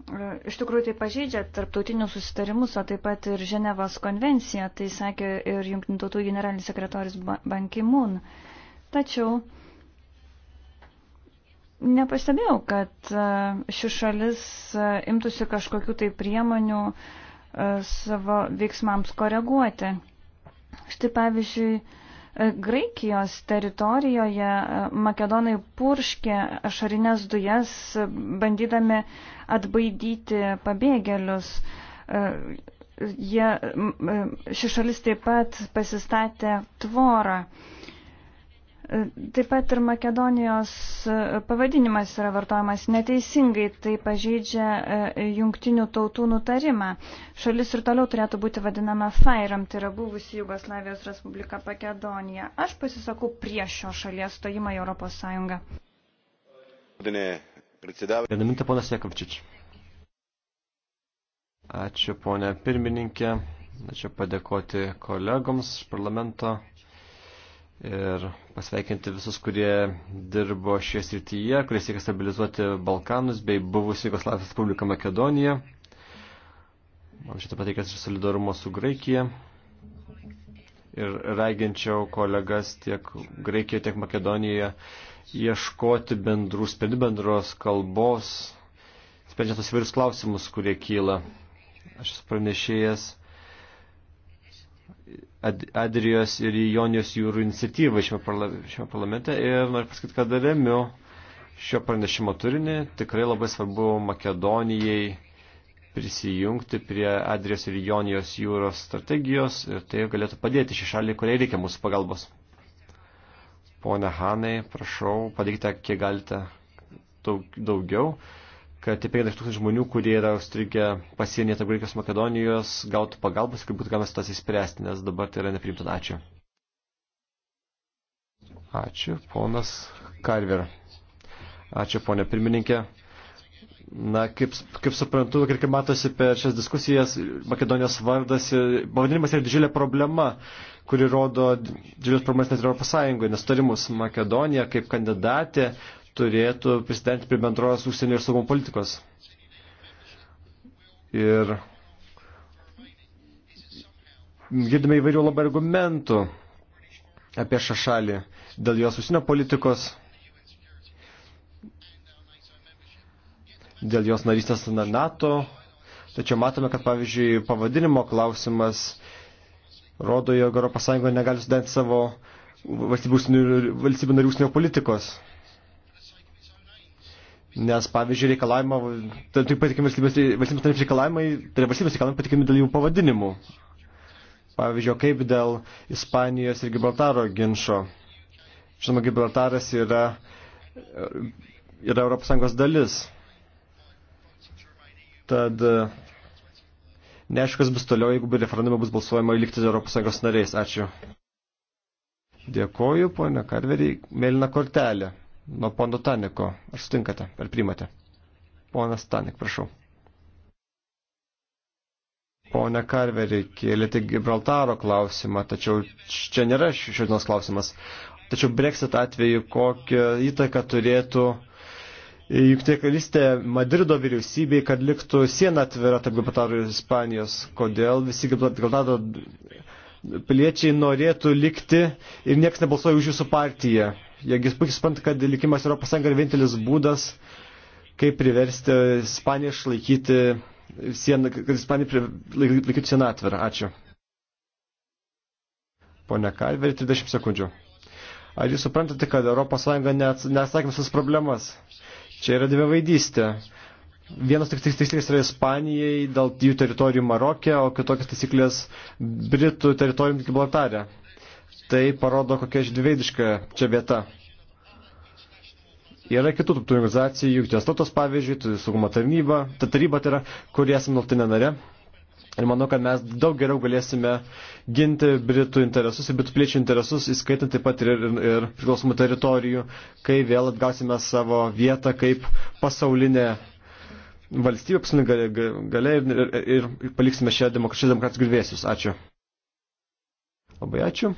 E, iš tikrųjų tai pažeidžia tarptautinius susitarimus, o taip pat ir Ženevos konvenciją, tai sakė ir Junktinių tautų generalinis sekretorius Ban Ki-moon. Tačiau nepastebėjau, kad e, ši šalis e, imtųsi kažkokių tai priemonių savo veiksmams koreguoti. Štai pavyzdžiui, Graikijos teritorijoje e, makedonai purškė ašarinės dujas, e, bandydami atbaidyti pabėgėlius. E, jie, ši šalis taip pat pasistatė tvorą. Taip pat ir Makedonijos e, pavadinimas yra vartojamas neteisingai, tai pažeidžia e, jungtinių tautų nutarimą. Šalis ir toliau turėtų būti vadinama Fairam, tai yra buvusi Jugoslavijos Respublika Makedonija. Aš pasisakau prieš šio šalies stojimą į Europos Sąjungą.
Vieną minutę, ponas Jakovčič. Ačiū, ponė pirmininkė. Ačiū padėkoti kolegoms iš parlamento ir pasveikinti visus, kurie dirbo šioje srityje, kurie siekia stabilizuoti Balkanus bei buvusi Jugoslavijos Respublika Makedonija. Man šitą pateikęs ir solidarumo su Graikija. Ir raginčiau kolegas tiek Graikijoje, tiek Makedonijoje ieškoti bendrų sprendimų, bendros kalbos, sprendžiant tos įvairius klausimus, kurie kyla. Aš esu pranešėjęs Adrijos ir Jonijos jūrų iniciatyvą šiame parlamente ir noriu pasakyti, kad remiu šio pranešimo turinį. Tikrai labai svarbu Makedonijai prisijungti prie Adrijos ir Jonijos jūros strategijos ir tai galėtų padėti šį šalį, kuriai reikia mūsų pagalbos. Pone Hanai, prašau, padėkite, kiek galite daug, daugiau kad apie 5000 žmonių, kurie yra užstrigę pasienyje tarp Graikijos Makedonijos, gautų pagalbos, kaip būtų galima situaciją spręsti, nes dabar tai yra neprimtina. Ačiū. Ačiū, ponas Karver. Ačiū, ponė pirmininkė. Na, kaip, kaip suprantu, ir kaip matosi per šias diskusijas, Makedonijos vardas, pavadinimas yra didžiulė problema, kuri rodo didžiulės problemas net Europos Sąjungoje, nes tarimus Makedonija kaip kandidatė turėtų prisidengti prie bendros užsienio ir saugumo politikos. Ir girdime įvairių labai argumentų apie šią šalį dėl jos užsienio politikos, dėl jos narystės na NATO. Tačiau matome, kad pavyzdžiui pavadinimo klausimas rodo, jog Europos Sąjunga negali sudėti savo valstybių narių užsienio politikos. Nes, pavyzdžiui, reikalavimo, taip patikimi valstybės, valstybės tarifs reikalavimai, tai valstybės reikalavimai patikimi dėl jų pavadinimų. Pavyzdžiui, kaip dėl Ispanijos ir Gibraltaro ginčio. Žinoma, Gibraltaras yra, yra Europos Sąjungos dalis. Tad neaišku, kas bus toliau, jeigu referendume bus balsuojama likti Europos Sąjungos nariais. Ačiū. Dėkoju, ponia Karveriai. Mėlyna kortelė nuo pono Taniko. Ar sutinkate, ar primate? Ponas Tanik, prašau. Pone Karveri, kėlėte Gibraltaro klausimą, tačiau čia nėra šiandienos klausimas. Tačiau Brexit atveju kokią įtaką turėtų Jungtinė karalystė Madrido vyriausybei, kad liktų siena atvira tarp Gibraltaro ir Ispanijos. Kodėl visi Gibraltaro piliečiai norėtų likti ir niekas nebalsuoja už jūsų partiją? Jeigu jis puikiai supranta, kad likimas Europos Sąjunga yra vienintelis būdas, kaip priversti Ispaniją išlaikyti sieną, kad Ispanija laikytų sieną atvirą. Ačiū. Pone Kalveri, 30 sekundžių. Ar jūs suprantate, kad Europos Sąjunga neatsakė visas problemas? Čia yra dvivaidystė. Vienas tik taisyklės yra Ispanijai dėl jų teritorijų Marokė, o kitokios taisyklės Britų teritorijų Gibraltarė tai parodo, kokia žvėdiška čia vieta. Yra kitų tarptautinių organizacijų, jungtinės tautos pavyzdžiui, tai saugumo tarnyba, ta taryba tai yra, kurie esame nuolatinė narė. Ir manau, kad mes daug geriau galėsime ginti Britų interesus ir Britų piliečių interesus, įskaitant taip pat ir, ir, ir priklausomų teritorijų, kai vėl atgausime savo vietą kaip pasaulinė valstybė, pasaulinė galia gal, ir, ir, ir paliksime šią demokratijos griuvėsius. Ačiū. Labai ačiū.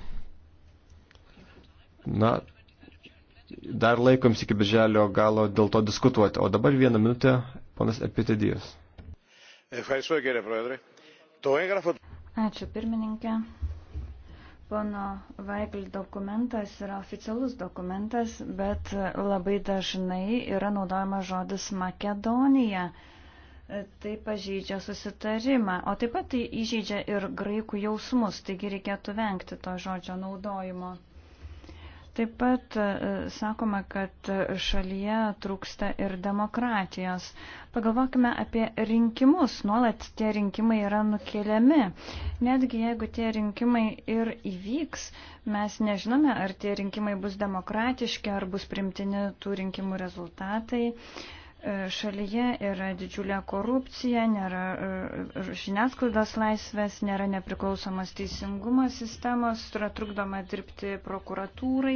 Na, dar laikoms iki birželio galo dėl to diskutuoti. O dabar vieną minutę, ponas Epitedijos.
Ačiū pirmininkė. Pono Vaigl dokumentas yra oficialus dokumentas, bet labai dažnai yra naudojama žodis Makedonija. Tai pažydžia susitarimą, o taip pat tai įžydžia ir graikų jausmus, taigi reikėtų vengti to žodžio naudojimo. Taip pat e, sakoma, kad šalyje trūksta ir demokratijos. Pagalvokime apie rinkimus. Nuolat tie rinkimai yra nukeliami. Netgi jeigu tie rinkimai ir įvyks, mes nežinome, ar tie rinkimai bus demokratiški, ar bus primtini tų rinkimų rezultatai. Uh, šalyje yra didžiulė korupcija, nėra e, e, žiniasklaidos laisvės, nėra nepriklausomos teisingumo sistemos, yra trukdoma dirbti prokuratūrai,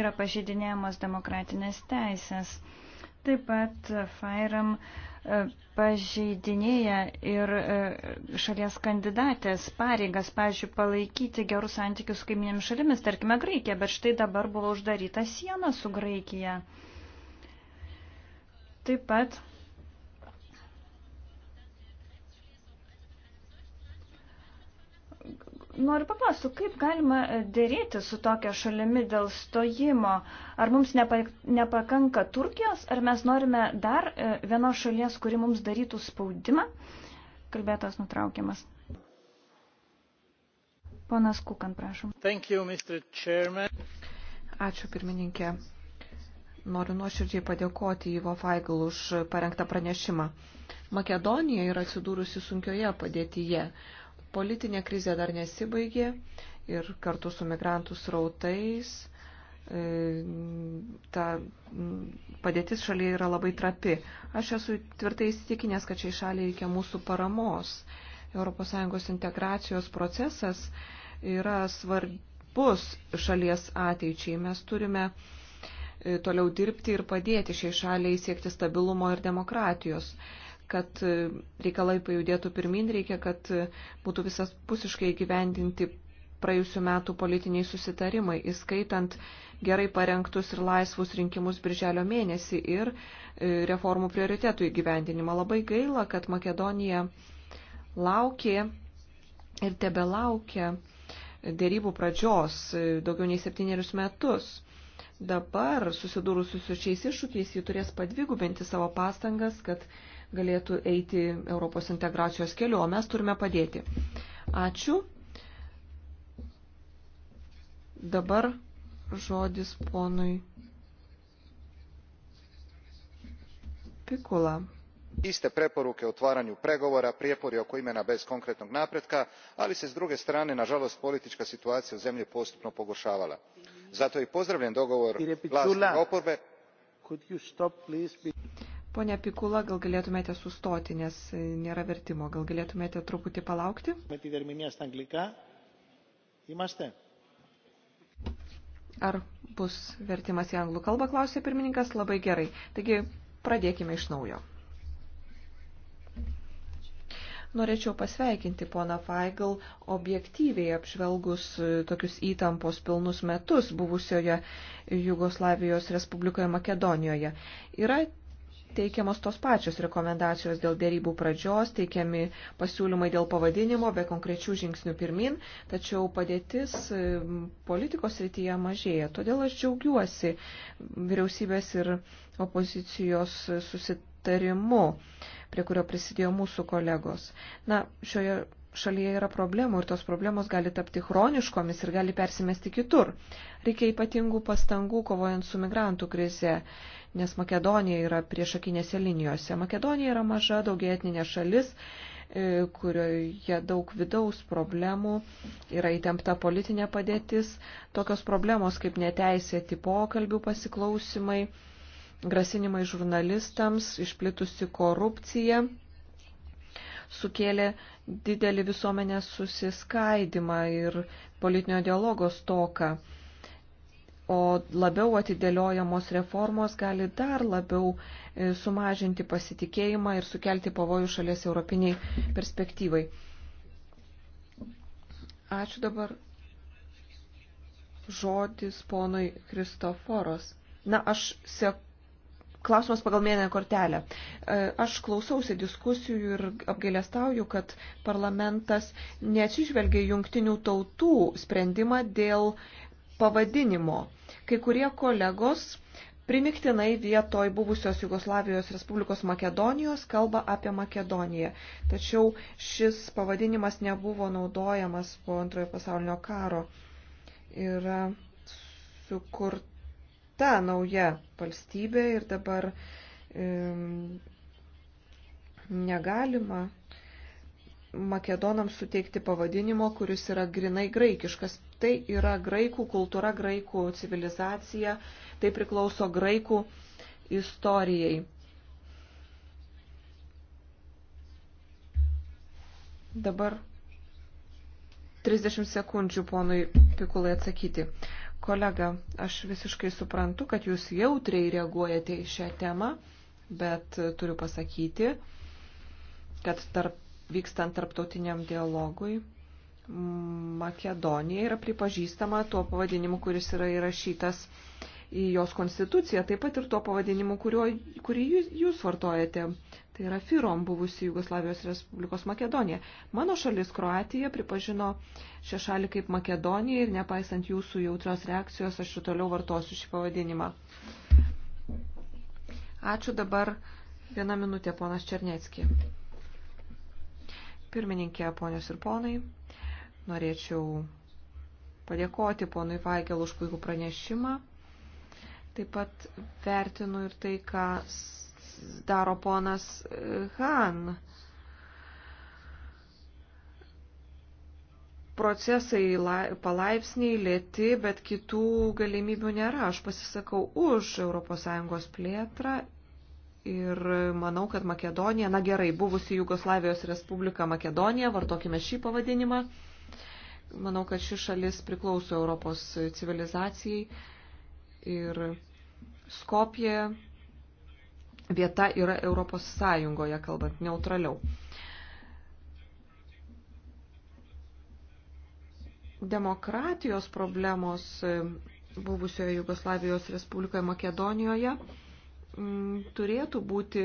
yra pažeidinėjamos demokratinės teisės. Taip pat Fairam e, pažeidinėja ir šalies kandidatės pareigas, pavyzdžiui, palaikyti gerus santykius su kaiminėmis šalimis, tarkime Graikija, bet štai dabar buvo uždaryta siena su Graikija. Taip pat noriu paklausti, kaip galima dėrėti su tokia šalimi dėl stojimo? Ar mums nepakanka Turkijos, ar mes norime dar e, vienos šalies, kuri mums darytų spaudimą? Kalbėtas nutraukiamas. Ponas Kukan, prašom. Thank you, Mr. Chairman.
Ačiū, pirmininkė. Noriu nuoširdžiai padėkoti Ivo Faigal už parengtą pranešimą. Makedonija yra atsidūrusi sunkioje padėtyje. Politinė krizė dar nesibaigė ir kartu su migrantų srautais e, ta padėtis šalyje yra labai trapi. Aš esu tvirtai įsitikinęs, kad šiai šaliai reikia mūsų paramos. ES integracijos procesas yra svarbus šalies ateičiai. Mes turime uh, E, toliau dirbti ir padėti šiai šaliai siekti stabilumo ir demokratijos. Kad e, reikalai pajudėtų pirmin, reikia, kad e, būtų visas pusiškai gyvendinti praėjusiu metu politiniai susitarimai, įskaitant gerai parengtus ir laisvus rinkimus birželio mėnesį ir reformų prioritetų įgyvendinimą. Labai gaila, kad Makedonija laukė ir tebe laukia dėrybų pradžios daugiau nei septynerius metus. Dabar, susidūrusius su šiais iššūkiais, ji turės padvigubinti savo pastangas, kad galėtų eiti Europos integracijos keliu, o mes turime padėti. Ačiū. Dabar žodis ponui Pikula
iste preporuke o otvaranju pregovora prijepori oko imena bez konkretnog napretka ali se s druge strane naalost politika situacija u zemlji postupno pogoravala zato i pozdravljam dogovor vlasti i oporbe
Pone Pikula, gal galėtumėte sustoti, nes nėra vertimo. Gal galėtumėte truputį palaukti? Ar bus vertimas į anglų kalbą, klausė pirmininkas. Labai gerai. Taigi pradėkime iš naujo. Norėčiau pasveikinti poną Feigl objektyviai apžvelgus e, tokius įtampos pilnus metus buvusioje Jugoslavijos Respublikoje Makedonijoje. Yra teikiamos tos pačios rekomendacijos dėl dėrybų pradžios, teikiami pasiūlymai dėl pavadinimo be konkrečių žingsnių pirmin, tačiau padėtis e, politikos rytyje mažėja. Todėl aš džiaugiuosi vyriausybės ir opozicijos susitarimu, prie kurio prisidėjo mūsų kolegos. Na, šioje šalyje yra problemų ir tos problemos gali tapti chroniškomis ir gali persimesti kitur. Reikia ypatingų pastangų kovojant su migrantų krize, nes Makedonija yra priešakinėse linijose. Makedonija yra maža daugietninė šalis, e, kurioje daug vidaus problemų, yra įtempta politinė padėtis, tokios problemos kaip neteisėti pokalbių pasiklausimai, grasinimai žurnalistams, išplitusi korupcija sukėlė didelį visuomenės susiskaidimą ir politinio dialogo stoką. O labiau atidėliojamos reformos gali dar labiau e, sumažinti pasitikėjimą ir sukelti pavojų šalies europiniai perspektyvai. Ačiū dabar žodis ponui Kristoforos. Na, aš sek Klausimas pagal mėnę kortelę. E, aš klausausi diskusijų ir apgailestauju, kad parlamentas neatsižvelgia jungtinių tautų sprendimą dėl pavadinimo. Kai kurie kolegos primiktinai vietoj buvusios Jugoslavijos Respublikos Makedonijos kalba apie Makedoniją. Tačiau šis pavadinimas nebuvo naudojamas po antrojo pasaulinio karo. Yra sukurt ta nauja valstybė ir dabar e, negalima makedonams suteikti pavadinimo, kuris yra grinai graikiškas. Tai yra graikų kultūra, graikų civilizacija, tai priklauso graikų istorijai. Dabar 30 sekundžių ponui Pikulai atsakyti. Kolega, aš visiškai suprantu, kad jūs jautriai reaguojate į šią temą, bet turiu pasakyti, kad tarp, vykstant tarptautiniam dialogui Makedonija yra pripažįstama tuo pavadinimu, kuris yra įrašytas į jos konstituciją, taip pat ir tuo pavadinimu, kurio, kurį jūs, jūs vartojate. Tai yra Firom buvusi Jugoslavijos Respublikos Makedonija. Mano šalis Kroatija pripažino šią šalį kaip Makedoniją ir nepaisant jūsų jautrios reakcijos, aš ir toliau vartosiu šį pavadinimą. Ačiū dabar. Viena minutė, ponas Černecki. Pirmininkė, ponios ir ponai, norėčiau padėkoti ponui Vaigel už puikų pranešimą. Taip pat vertinu ir tai, ką daro ponas e, Han. Procesai palaipsniai lėti, bet kitų galimybių nėra. Aš pasisakau už ES plėtrą ir manau, kad Makedonija, na gerai, buvusi Jugoslavijos Respublika Makedonija, vartokime šį pavadinimą. Manau, kad ši šalis priklauso Europos civilizacijai ir Skopje vieta yra Europos Sąjungoje, kalbant neutraliau. Demokratijos problemos buvusioje Jugoslavijos Respublikoje Makedonijoje mm, turėtų būti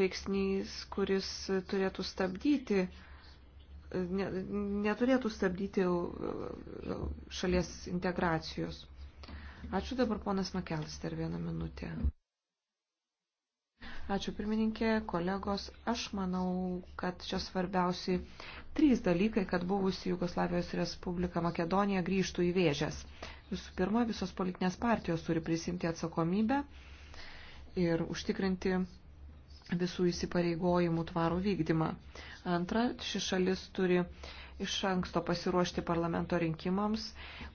veiksnys, kuris turėtų stabdyti, neturėtų stabdyti šalies integracijos. Ačiū dabar ponas Makelis, dar vieną minutę. Ačiū pirmininkė, kolegos. Aš manau, kad čia svarbiausi trys dalykai, kad buvusi Jugoslavijos Respublika Makedonija grįžtų į vėžės. Visų pirma, visos politinės partijos turi prisimti atsakomybę ir užtikrinti visų įsipareigojimų tvarų vykdymą. Antra, ši šalis turi iš anksto pasiruošti parlamento rinkimams,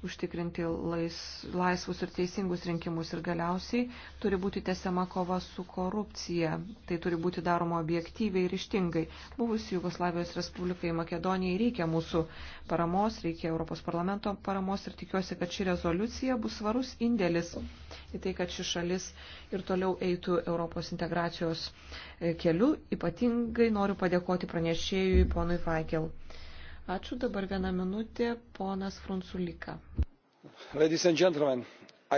užtikrinti lais, laisvus ir teisingus rinkimus ir galiausiai turi būti tesiama kova su korupcija. Tai turi būti daroma objektyviai ir ištingai. Buvusi Jugoslavijos Respublikai Makedonijai reikia mūsų paramos, reikia Europos parlamento paramos ir tikiuosi, kad ši rezoliucija bus svarus indėlis į tai, kad ši šalis ir toliau eitų Europos integracijos keliu. Ypatingai noriu padėkoti pranešėjui ponui Faikel. Ačiū dabar vieną minutę, ponas Frunsulika.
Ladies and gentlemen.
I...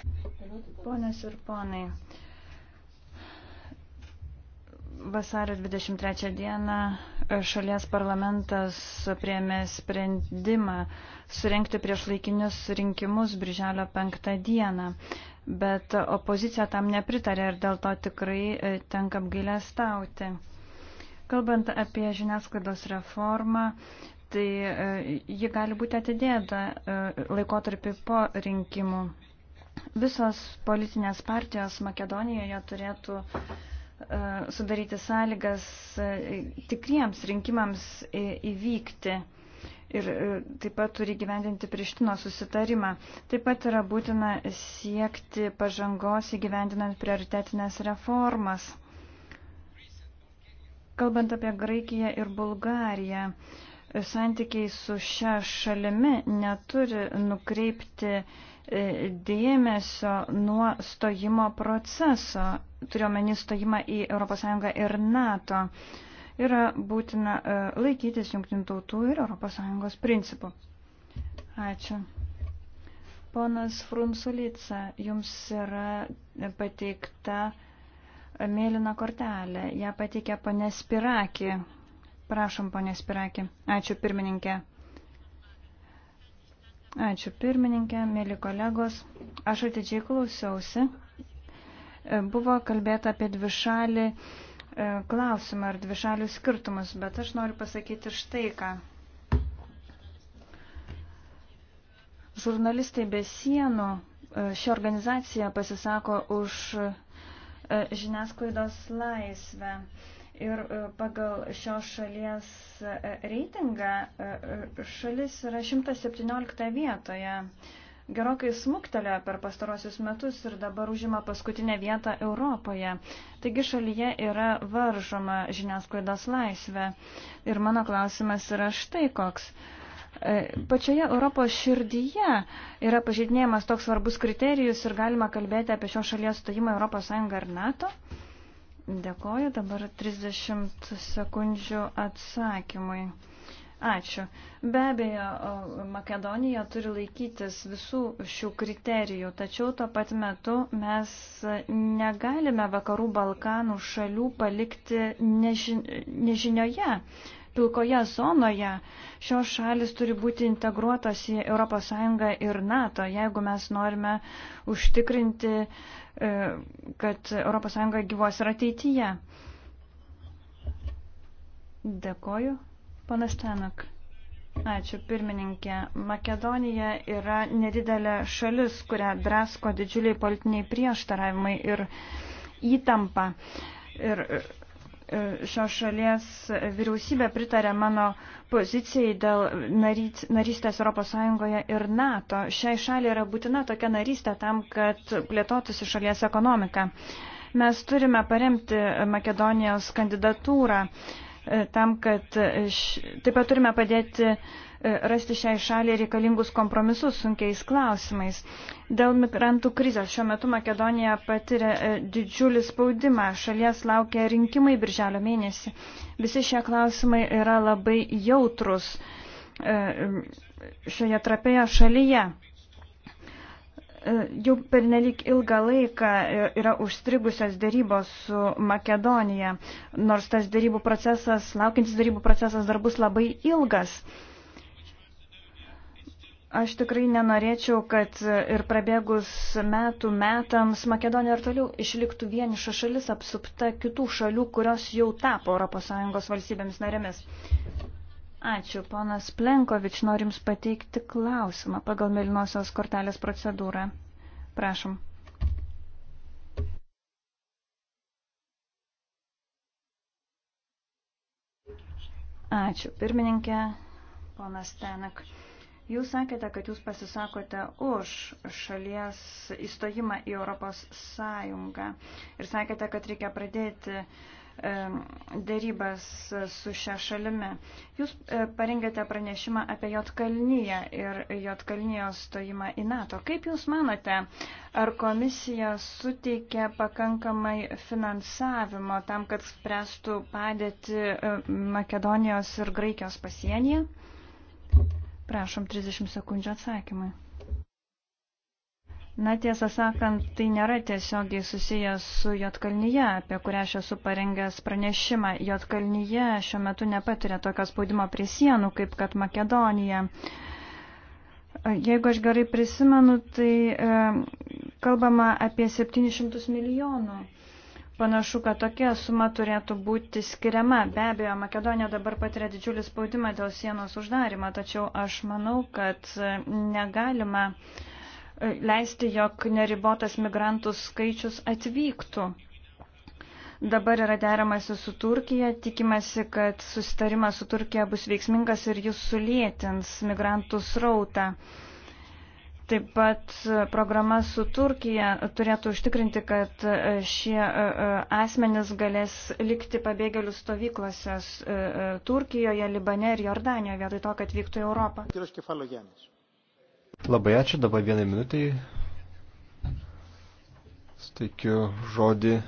Ponas ir ponai. Vasario 23 dieną šalies parlamentas priemė sprendimą surenkti prieš laikinius rinkimus birželio 5 dieną, bet opozicija tam nepritarė ir dėl to tikrai e, tenka apgailę stauti. Kalbant apie žiniasklaidos reformą, tai e, ji gali būti atidėta e, laikotarpį po rinkimų. Visos politinės partijos Makedonijoje turėtų e, sudaryti sąlygas tikriems rinkimams įvykti ir taip pat turi gyvendinti Prištino susitarimą. Taip pat yra būtina siekti pažangos įgyvendinant prioritetinės reformas. Kalbant apie Graikiją ir Bulgariją, santykiai su šia šalimi neturi nukreipti e, dėmesio nuo stojimo proceso, turiuomenį stojimą į ES ir NATO, yra būtina e, laikytis jungtinių tautų ir ES principų. Ačiū. Ponas Frunsulica, jums yra pateikta mėlyna kortelė. Ja pateikė ponė Spiraki. Prašom, ponė Spirakė. Ačiū pirmininkė. Ačiū pirmininkė, mėly kolegos. Aš atidžiai klausiausi. Buvo kalbėta apie dvišalį e, klausimą ar dvišalių skirtumus, bet aš noriu pasakyti štai ką. Žurnalistai be sienų, e, ši organizacija pasisako už e, žiniasklaidos laisvę. Ir e, pagal šios šalies e, reitingą e, šalis yra 117 vietoje. Gerokai smuktelėjo per pastarosius metus ir dabar užima paskutinę vietą Europoje. Taigi šalyje yra varžoma žiniasklaidos laisvė. Ir mano klausimas yra štai koks. Pačioje Europos širdyje yra pažydinėjamas toks svarbus kriterijus ir galima kalbėti apie šios šalies stojimą Europos Sąjungą ir NATO? Dėkoju, dabar 30 sekundžių atsakymui. Ačiū. Be abejo, Makedonija turi laikytis visų šių kriterijų, tačiau tuo pat metu mes negalime vakarų Balkanų šalių palikti neži nežinioje pilkoje zonoje šios šalis turi būti integruotos į ES ir NATO, jeigu mes norime užtikrinti, e, kad ES gyvos ir ateityje. Dėkoju, panas Tenak. Ačiū, pirmininkė. Makedonija yra nedidelė šalis, kurią drasko didžiuliai politiniai prieštaravimai ir įtampa. Ir E, šios šalies vyriausybė pritarė mano pozicijai dėl narystės ES ir NATO. Šiai šaliai yra būtina tokia narystė tam, kad plėtotųsi šalies ekonomika. Mes turime paremti Makedonijos kandidatūrą e, tam, kad š... taip pat turime padėti E, rasti šiai šaliai reikalingus kompromisus sunkiais klausimais. Dėl migrantų krizės šiuo metu Makedonija patiria e, didžiulį spaudimą. Šalies laukia rinkimai birželio mėnesį. Visi šie klausimai yra labai jautrus e, šioje trapėje šalyje. Jau per nelik ilgą laiką yra užstrigusios dėrybos su Makedonija, nors tas dėrybų procesas, laukiantis dėrybų procesas dar bus labai ilgas. Aš tikrai nenorėčiau, kad ir prabėgus metų metams Makedonija ir toliau išliktų vieniša šalis apsupta kitų šalių, kurios jau tapo ES valstybėmis narėmis. Ačiū, ponas Plenkovič, norim pateikti klausimą pagal Melinosios kortelės procedūrą. Prašom. Ačiū, pirmininkė, ponas Tenak. Jūs sakėte, kad jūs pasisakote už šalies įstojimą į Europos Sąjungą ir sakėte, kad reikia pradėti dėrybas su šia šalimi. Jūs e, parengėte pranešimą apie Jotkalnyje ir Jotkalnyjos stojimą į NATO. Kaip Jūs manote, ar komisija suteikė pakankamai finansavimo tam, kad spręstų padėti e, Makedonijos ir Graikijos pasienyje? Prašom 30 sekundžių atsakymui. Na, tiesą sakant, tai nėra tiesiogiai susijęs su Jotkalnyje, apie kurią aš esu parengęs pranešimą. Jotkalnyje šiuo metu nepatiria tokio spaudimo prie sienų, kaip kad Makedonija. Jeigu aš gerai prisimenu, tai e, kalbama apie 700 milijonų Panašu, kad tokia suma turėtų būti skiriama. Be abejo, Makedonija dabar patiria didžiulį spaudimą dėl sienos uždarimą, tačiau aš manau, kad negalima e, leisti, jog neribotas migrantų skaičius atvyktų. Dabar yra deramasi su Turkija, tikimasi, kad susitarimas su Turkija bus veiksmingas ir jis sulėtins migrantų srautą. Taip pat e, programa su Turkija turėtų užtikrinti, kad e, šie e, asmenys galės likti pabėgėlių stovyklose Turkijoje, Libane ir Jordanijoje, vietoj to, kad vyktų į Europą.
Labai ačiū, dabar vienai minutai. Steikiu žodį.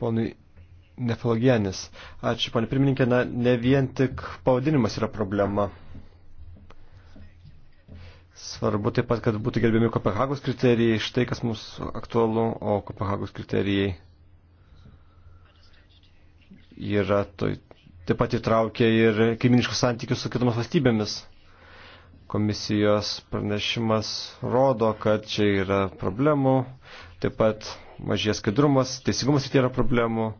Ponui Nefalogenis. Ačiū, panė pirmininkė, na, ne vien tik pavadinimas yra problema. Svarbu taip pat, kad būtų gerbiami Kopenhagos kriterijai, štai kas mums aktualu, o Kopenhagos kriterijai yra to, taip pat įtraukia ir kaiminiškus santykius su kitomis valstybėmis. Komisijos pranešimas rodo, kad čia yra problemų, taip pat mažės skaidrumas, teisingumas ir tai yra problemų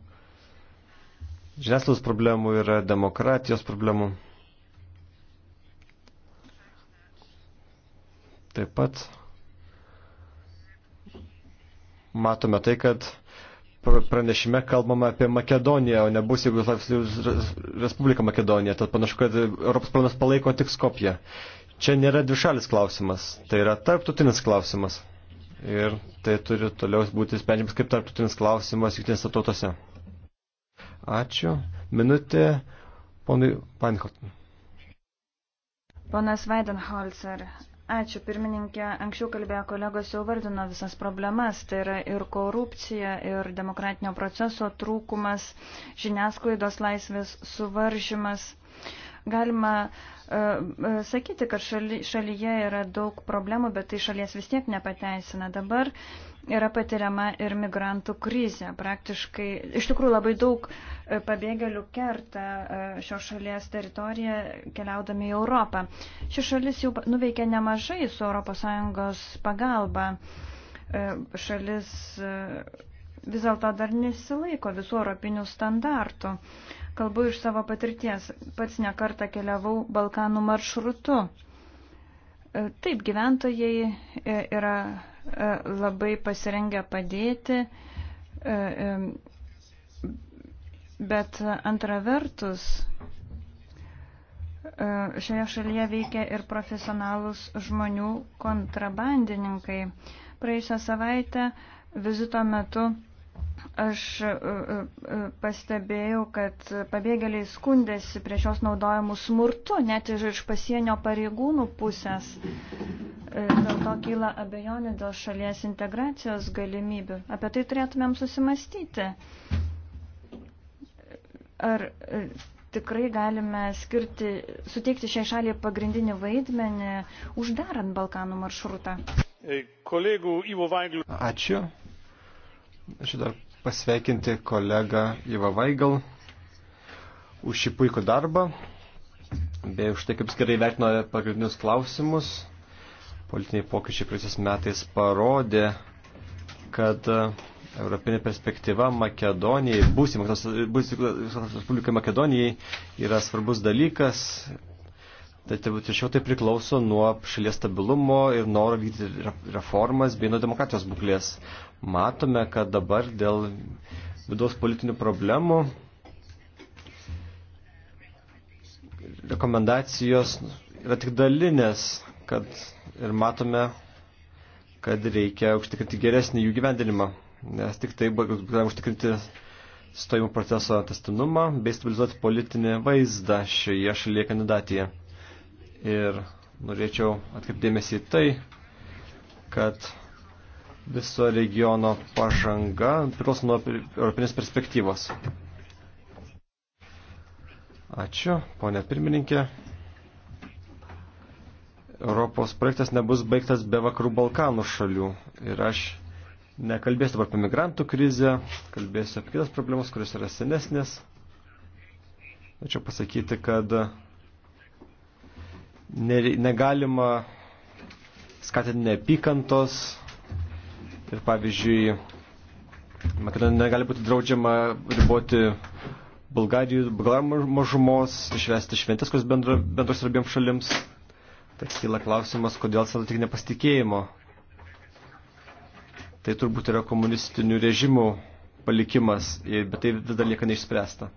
žiniasklaidos problemų, yra demokratijos problemų. Taip pat matome tai, kad pranešime kalbama apie Makedoniją, o nebus Jugoslavijos Respublika Makedonija. Tad panašu, kad Europos planas palaiko tik Skopiją. Čia nėra dvišalis klausimas, tai yra tarptautinis klausimas. Ir tai turi toliau būti sprendžiamas kaip tarptautinis klausimas jungtinėse tautose. Ačiū. Minutė ponui Pankotin.
Ponas Weidenholzer, Ačiū, pirmininkė. Anksčiau kalbėjo kolegos jau vardino visas problemas. Tai yra ir korupcija, ir demokratinio proceso trūkumas, žiniasklaidos laisvės suvaržymas. Uh, Galima e, e, sakyti, kad šaly, šalyje yra daug problemų, bet tai šalies vis tiek nepateisina. Dabar yra patiriama ir migrantų krizė. Praktiškai, iš tikrųjų, labai daug e, pabėgėlių kerta šios šalies teritoriją keliaudami į Europą. Ši šalis jau nuveikė nemažai su ES pagalba. Šalis vis dėlto dar nesilaiko visų europinių standartų. Kalbu iš savo patirties. Pats nekartą keliavau Balkanų maršrutu. E, taip, gyventojai e, yra e, labai pasirengę padėti, bet antra vertus, šioje šalyje veikia ir profesionalus žmonių kontrabandininkai. Praėjusią savaitę vizito metu Aš e, e, e, pastebėjau, kad pabėgėliai skundėsi prieš jos naudojimų smurtu, net ir iš pasienio pareigūnų pusės. Dėl to kyla abejonių dėl šalies integracijos galimybių. Apie tai turėtumėm susimastyti. Ar tikrai galime skirti, suteikti šiai šaliai pagrindinį vaidmenį, uždarant Balkanų maršrutą?
Kolegų Ivo Vaigl. Ačiū. Aš dar pasveikinti kolegą Iva Vaigal už šį puikų darbą, bei už tai, kaip jis gerai vertino pagrindinius klausimus. Politiniai pokyčiai praeisis metais parodė, kad e, Europinė perspektyva Makedonijai, būsimai Respublikai Makedonijai yra svarbus dalykas, Tai turbūt tačiau tai priklauso nuo šalies stabilumo ir noro vykdyti reformas bei nuo demokratijos būklės. Matome, kad dabar dėl vidaus politinių problemų rekomendacijos yra tik dalinės, kad ir matome, kad reikia užtikrinti geresnį jų gyvendinimą, nes tik tai galime užtikrinti stojimo proceso testinumą bei stabilizuoti politinį vaizdą šioje šalyje kandidatėje. Ir norėčiau atkreipdėmėsi tai, kad viso regiono pažanga priklauso nuo europinės perspektyvos. Ačiū, ponė pirmininkė. Europos projektas nebus baigtas be vakarų Balkanų šalių. Ir aš nekalbėsiu dabar apie migrantų krizę, kalbėsiu apie kitas problemas, kurios yra senesnės. Tačiau pasakyti, kad negalima skatinti neapykantos ir pavyzdžiui, kadangi negali būti draudžiama riboti Bulgarijų, Bulgarijų mažumos, išvesti šventės, kurios bendro, bendros ir abiems šalims, tai kyla klausimas, kodėl atsirado tik nepasitikėjimo. Tai turbūt yra komunistinių režimų palikimas, bet tai vis dar lieka neišspręsta.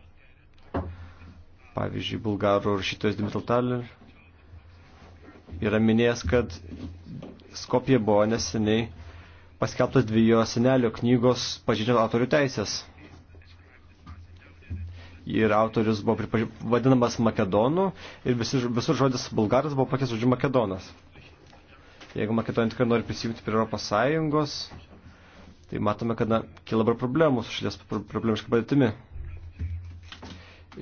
Pavyzdžiui, bulgarų rašytojas Dimital Taler yra minėjęs, kad Skopje buvo neseniai paskelbtos dvi jo senelio knygos pažydžio autorių teisės. Ir autorius buvo pripaži... vadinamas Makedonu ir visi, visur žodis bulgaras buvo pakeistas žodžiu Makedonas. Jeigu Makedonija tikrai nori prisijungti prie Europos Sąjungos, tai matome, kad na, kila dabar problemų su šalies problemiška padėtimi.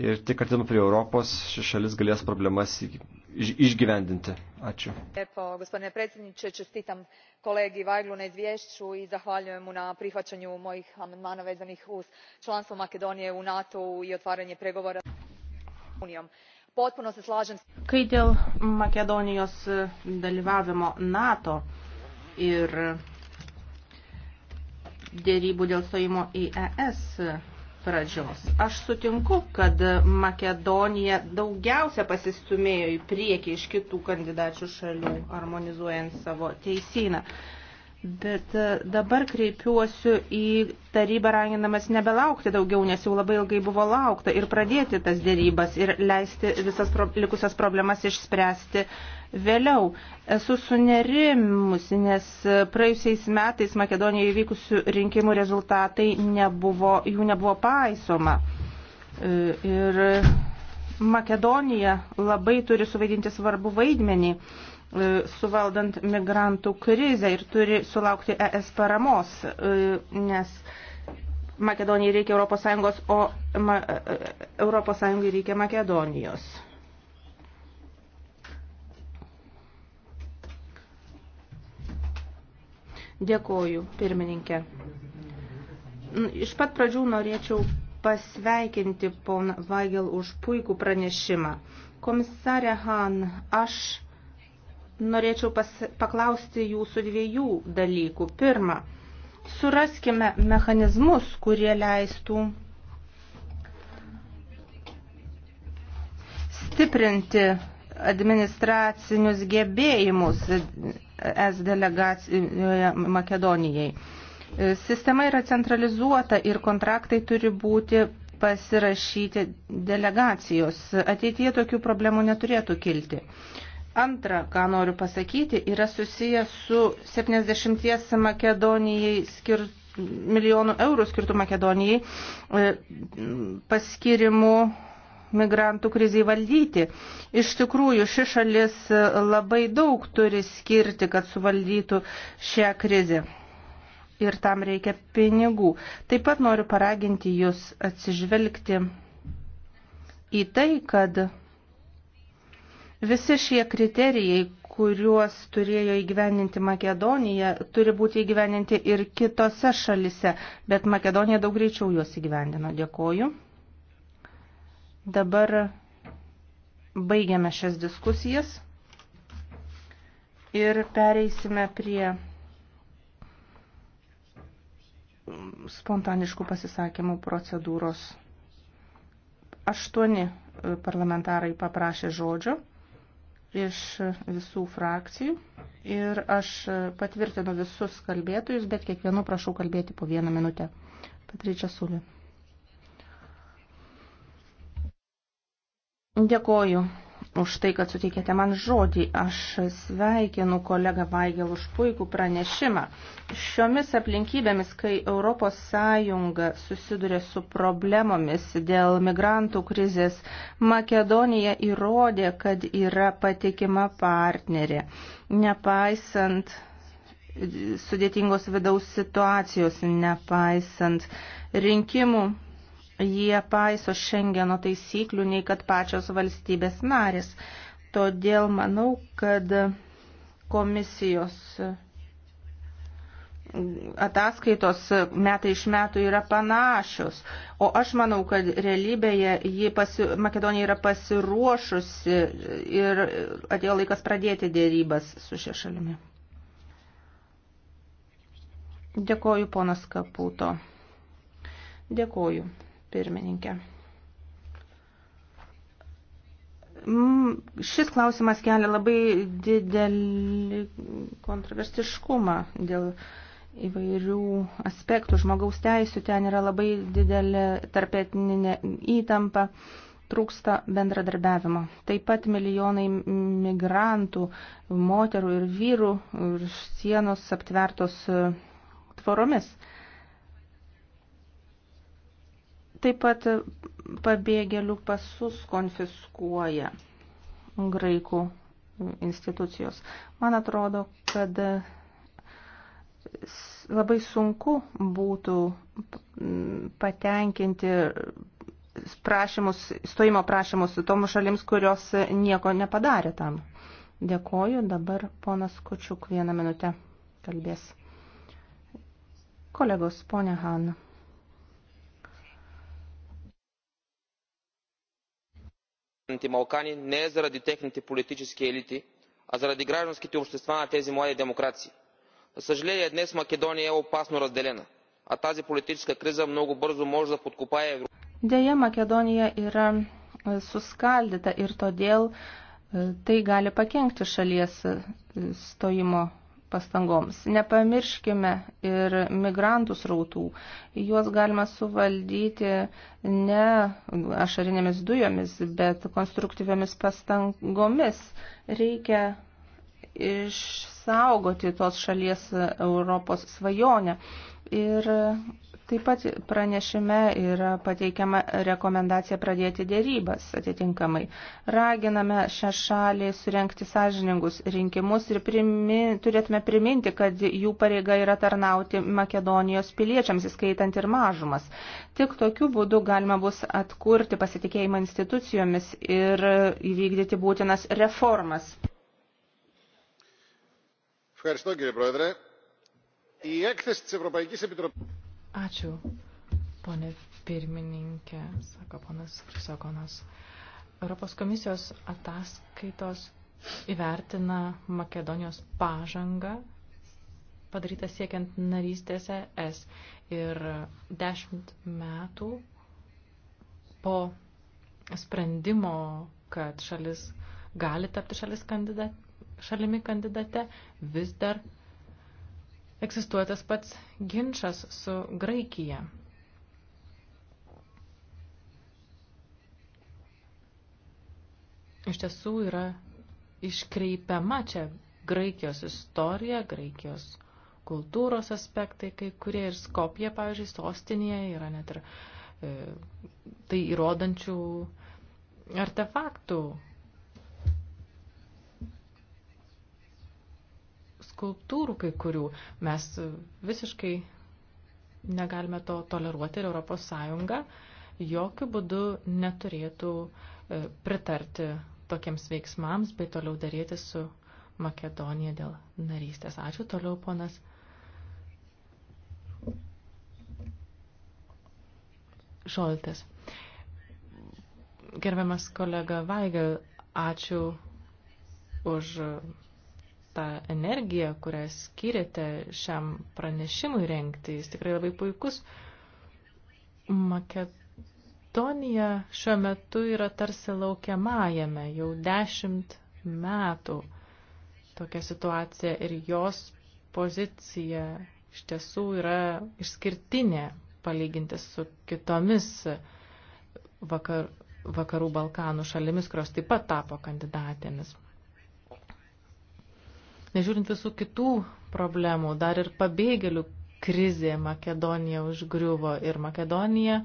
Ir tik artinu prie Europos ši šalis galės problemas išgyvendinti. Ačiū.
Gospodine
predsjedniče, čestitam kolegi Vajglu na izvješću i zahvaljujem mu na prihvaćanju mojih amandmana vezanih uz članstvo Makedonije u NATO i otvaranje pregovora s Unijom. Potpuno se slažem.
Kai dėl Makedonijos dalyvavimo NATO ir dėrybų dėl stojimo į ES pradžios. Aš sutinku, kad Makedonija daugiausia pasistumėjo į priekį iš kitų kandidačių šalių, harmonizuojant savo teisyną. Bet e, dabar kreipiuosiu į tarybą raginamas nebelaukti daugiau, nes jau labai ilgai buvo laukta ir pradėti tas dėrybas ir leisti visas pro, likusias problemas išspręsti vėliau. Esu sunerimusi, nes praėjusiais metais Makedonijoje įvykusių rinkimų rezultatai nebuvo, jų nebuvo paaisoma. E, ir Makedonija labai turi suvaidinti svarbu vaidmenį E, suvaldant migrantų krizę ir turi sulaukti ES paramos, e, nes Makedonijai reikia ES, o ES reikia Makedonijos. Dėkoju, pirmininkė. Iš pat pradžių norėčiau pasveikinti poną Vagel už puikų pranešimą. Komisarė Han, aš norėčiau pas, paklausti jūsų dviejų dalykų. Pirma, suraskime mechanizmus, kurie leistų stiprinti administracinius gebėjimus es delegacijoje Makedonijai. Sistema yra centralizuota ir kontraktai turi būti pasirašyti delegacijos. Ateityje tokių problemų neturėtų kilti. Antra, ką noriu pasakyti, yra susijęs su 70 Makedonijai skirtu milijonų eurų skirtų Makedonijai e, paskirimu migrantų kriziai valdyti. Iš tikrųjų, ši šalis e, labai daug turi skirti, kad suvaldytų šią krizę. Ir tam reikia pinigų. Taip pat noriu paraginti jūs atsižvelgti į tai, kad Visi šie kriterijai, kuriuos turėjo įgyveninti Makedonija, turi būti įgyveninti ir kitose šalise, bet Makedonija daug greičiau juos įgyvendino. Dėkoju. Dabar baigiame šias diskusijas ir pereisime prie spontaniškų pasisakymų procedūros. Aštuoni parlamentarai paprašė žodžio iš visų frakcijų ir aš patvirtinu visus kalbėtojus, bet kiekvienu prašau kalbėti po vieną minutę. Patryčia Sulė. Dėkoju už tai, kad suteikėte man žodį. Aš sveikinu kolegą Vaigel už puikų pranešimą. Šiomis aplinkybėmis, kai ES susiduria su problemomis dėl migrantų krizės, Makedonija įrodė, kad yra patikima partnerė. Nepaisant sudėtingos vidaus situacijos, nepaisant rinkimų jie paiso Šengeno taisyklių nei kad pačios valstybės narės. Todėl manau, kad komisijos ataskaitos metai iš metų yra panašios. O aš manau, kad realybėje pasi, Makedonija yra pasiruošusi ir atėjo laikas pradėti dėrybas su šia šalimi. Dėkoju, ponas Kaputo. Dėkoju pirmininkė. Mm, šis klausimas kelia labai didelį kontroversiškumą dėl įvairių aspektų. Žmogaus teisų ten yra labai didelė tarpetninė įtampa, trūksta bendradarbiavimo. Taip pat milijonai migrantų, moterų ir vyrų ir sienos aptvertos tvoromis. Taip pat pabėgėlių pasus konfiskuoja graikų institucijos. Man atrodo, kad labai sunku būtų patenkinti prašymus, stojimo prašymus tom šalims, kurios nieko nepadarė tam. Dėkoju, dabar ponas Kučiuk vieną minutę kalbės. Kolegos, ponė Hanna. балкани не е заради техните политически елити а заради гражданските общества на тези
млади демокрации. за съжаление днес македония е опасно разделена а тази политическа криза много бързо може да подкопае.
deja makedonija yra suskaldyta ir todėl tai gali pakenkti šalies stojimo pastangoms. Nepamirškime ir migrantų srautų. Juos galima suvaldyti ne ašarinėmis dujomis, bet konstruktyviomis pastangomis. Reikia išsaugoti tos šalies Europos svajonę. Ir Taip pat pranešime yra pateikiama rekomendacija pradėti dėrybas atitinkamai. Raginame šią šalį surenkti sąžiningus rinkimus ir primi, turėtume priminti, kad jų pareiga yra tarnauti Makedonijos piliečiams, įskaitant ir mažumas. Tik tokiu būdu galima bus atkurti pasitikėjimą institucijomis ir įvykdyti būtinas reformas.
Ευχαριστώ κύριε Πρόεδρε. Η έκθεση της Ευρωπαϊκής Επιτροπής...
Ačiū, ponė pirmininkė, sako ponas Krisogonas. Europos komisijos ataskaitos įvertina Makedonijos pažangą padarytą siekiant narystės ES ir dešimt metų po sprendimo, kad šalis gali tapti šalis kandidat, šalimi kandidate, vis dar egzistuoja tas pats ginčas su Graikija. Iš tiesų yra iškreipiama čia Graikijos istorija, Graikijos kultūros aspektai, kai kurie ir Skopje, pavyzdžiui, sostinėje yra net ir e, tai įrodančių artefaktų skulptūrų kai kurių. Mes visiškai negalime to toleruoti ir Europos Sąjunga jokių būdų neturėtų e, pritarti tokiems veiksmams bei toliau daryti su Makedonija dėl narystės. Ačiū toliau, ponas. Šoltas. Gerbiamas kolega Vaigel, ačiū už tą energiją, kurią skiriate šiam pranešimui renkti. Jis tikrai labai puikus. Makedonija šiuo metu yra tarsi laukiamajame jau dešimt metų tokia situacija ir jos pozicija iš tiesų yra išskirtinė palyginti su kitomis vakar, vakarų Balkanų šalimis, kurios taip pat tapo kandidatėmis. Nežiūrint visų kitų problemų, dar ir pabėgėlių krizė Makedonija užgriuvo ir Makedonija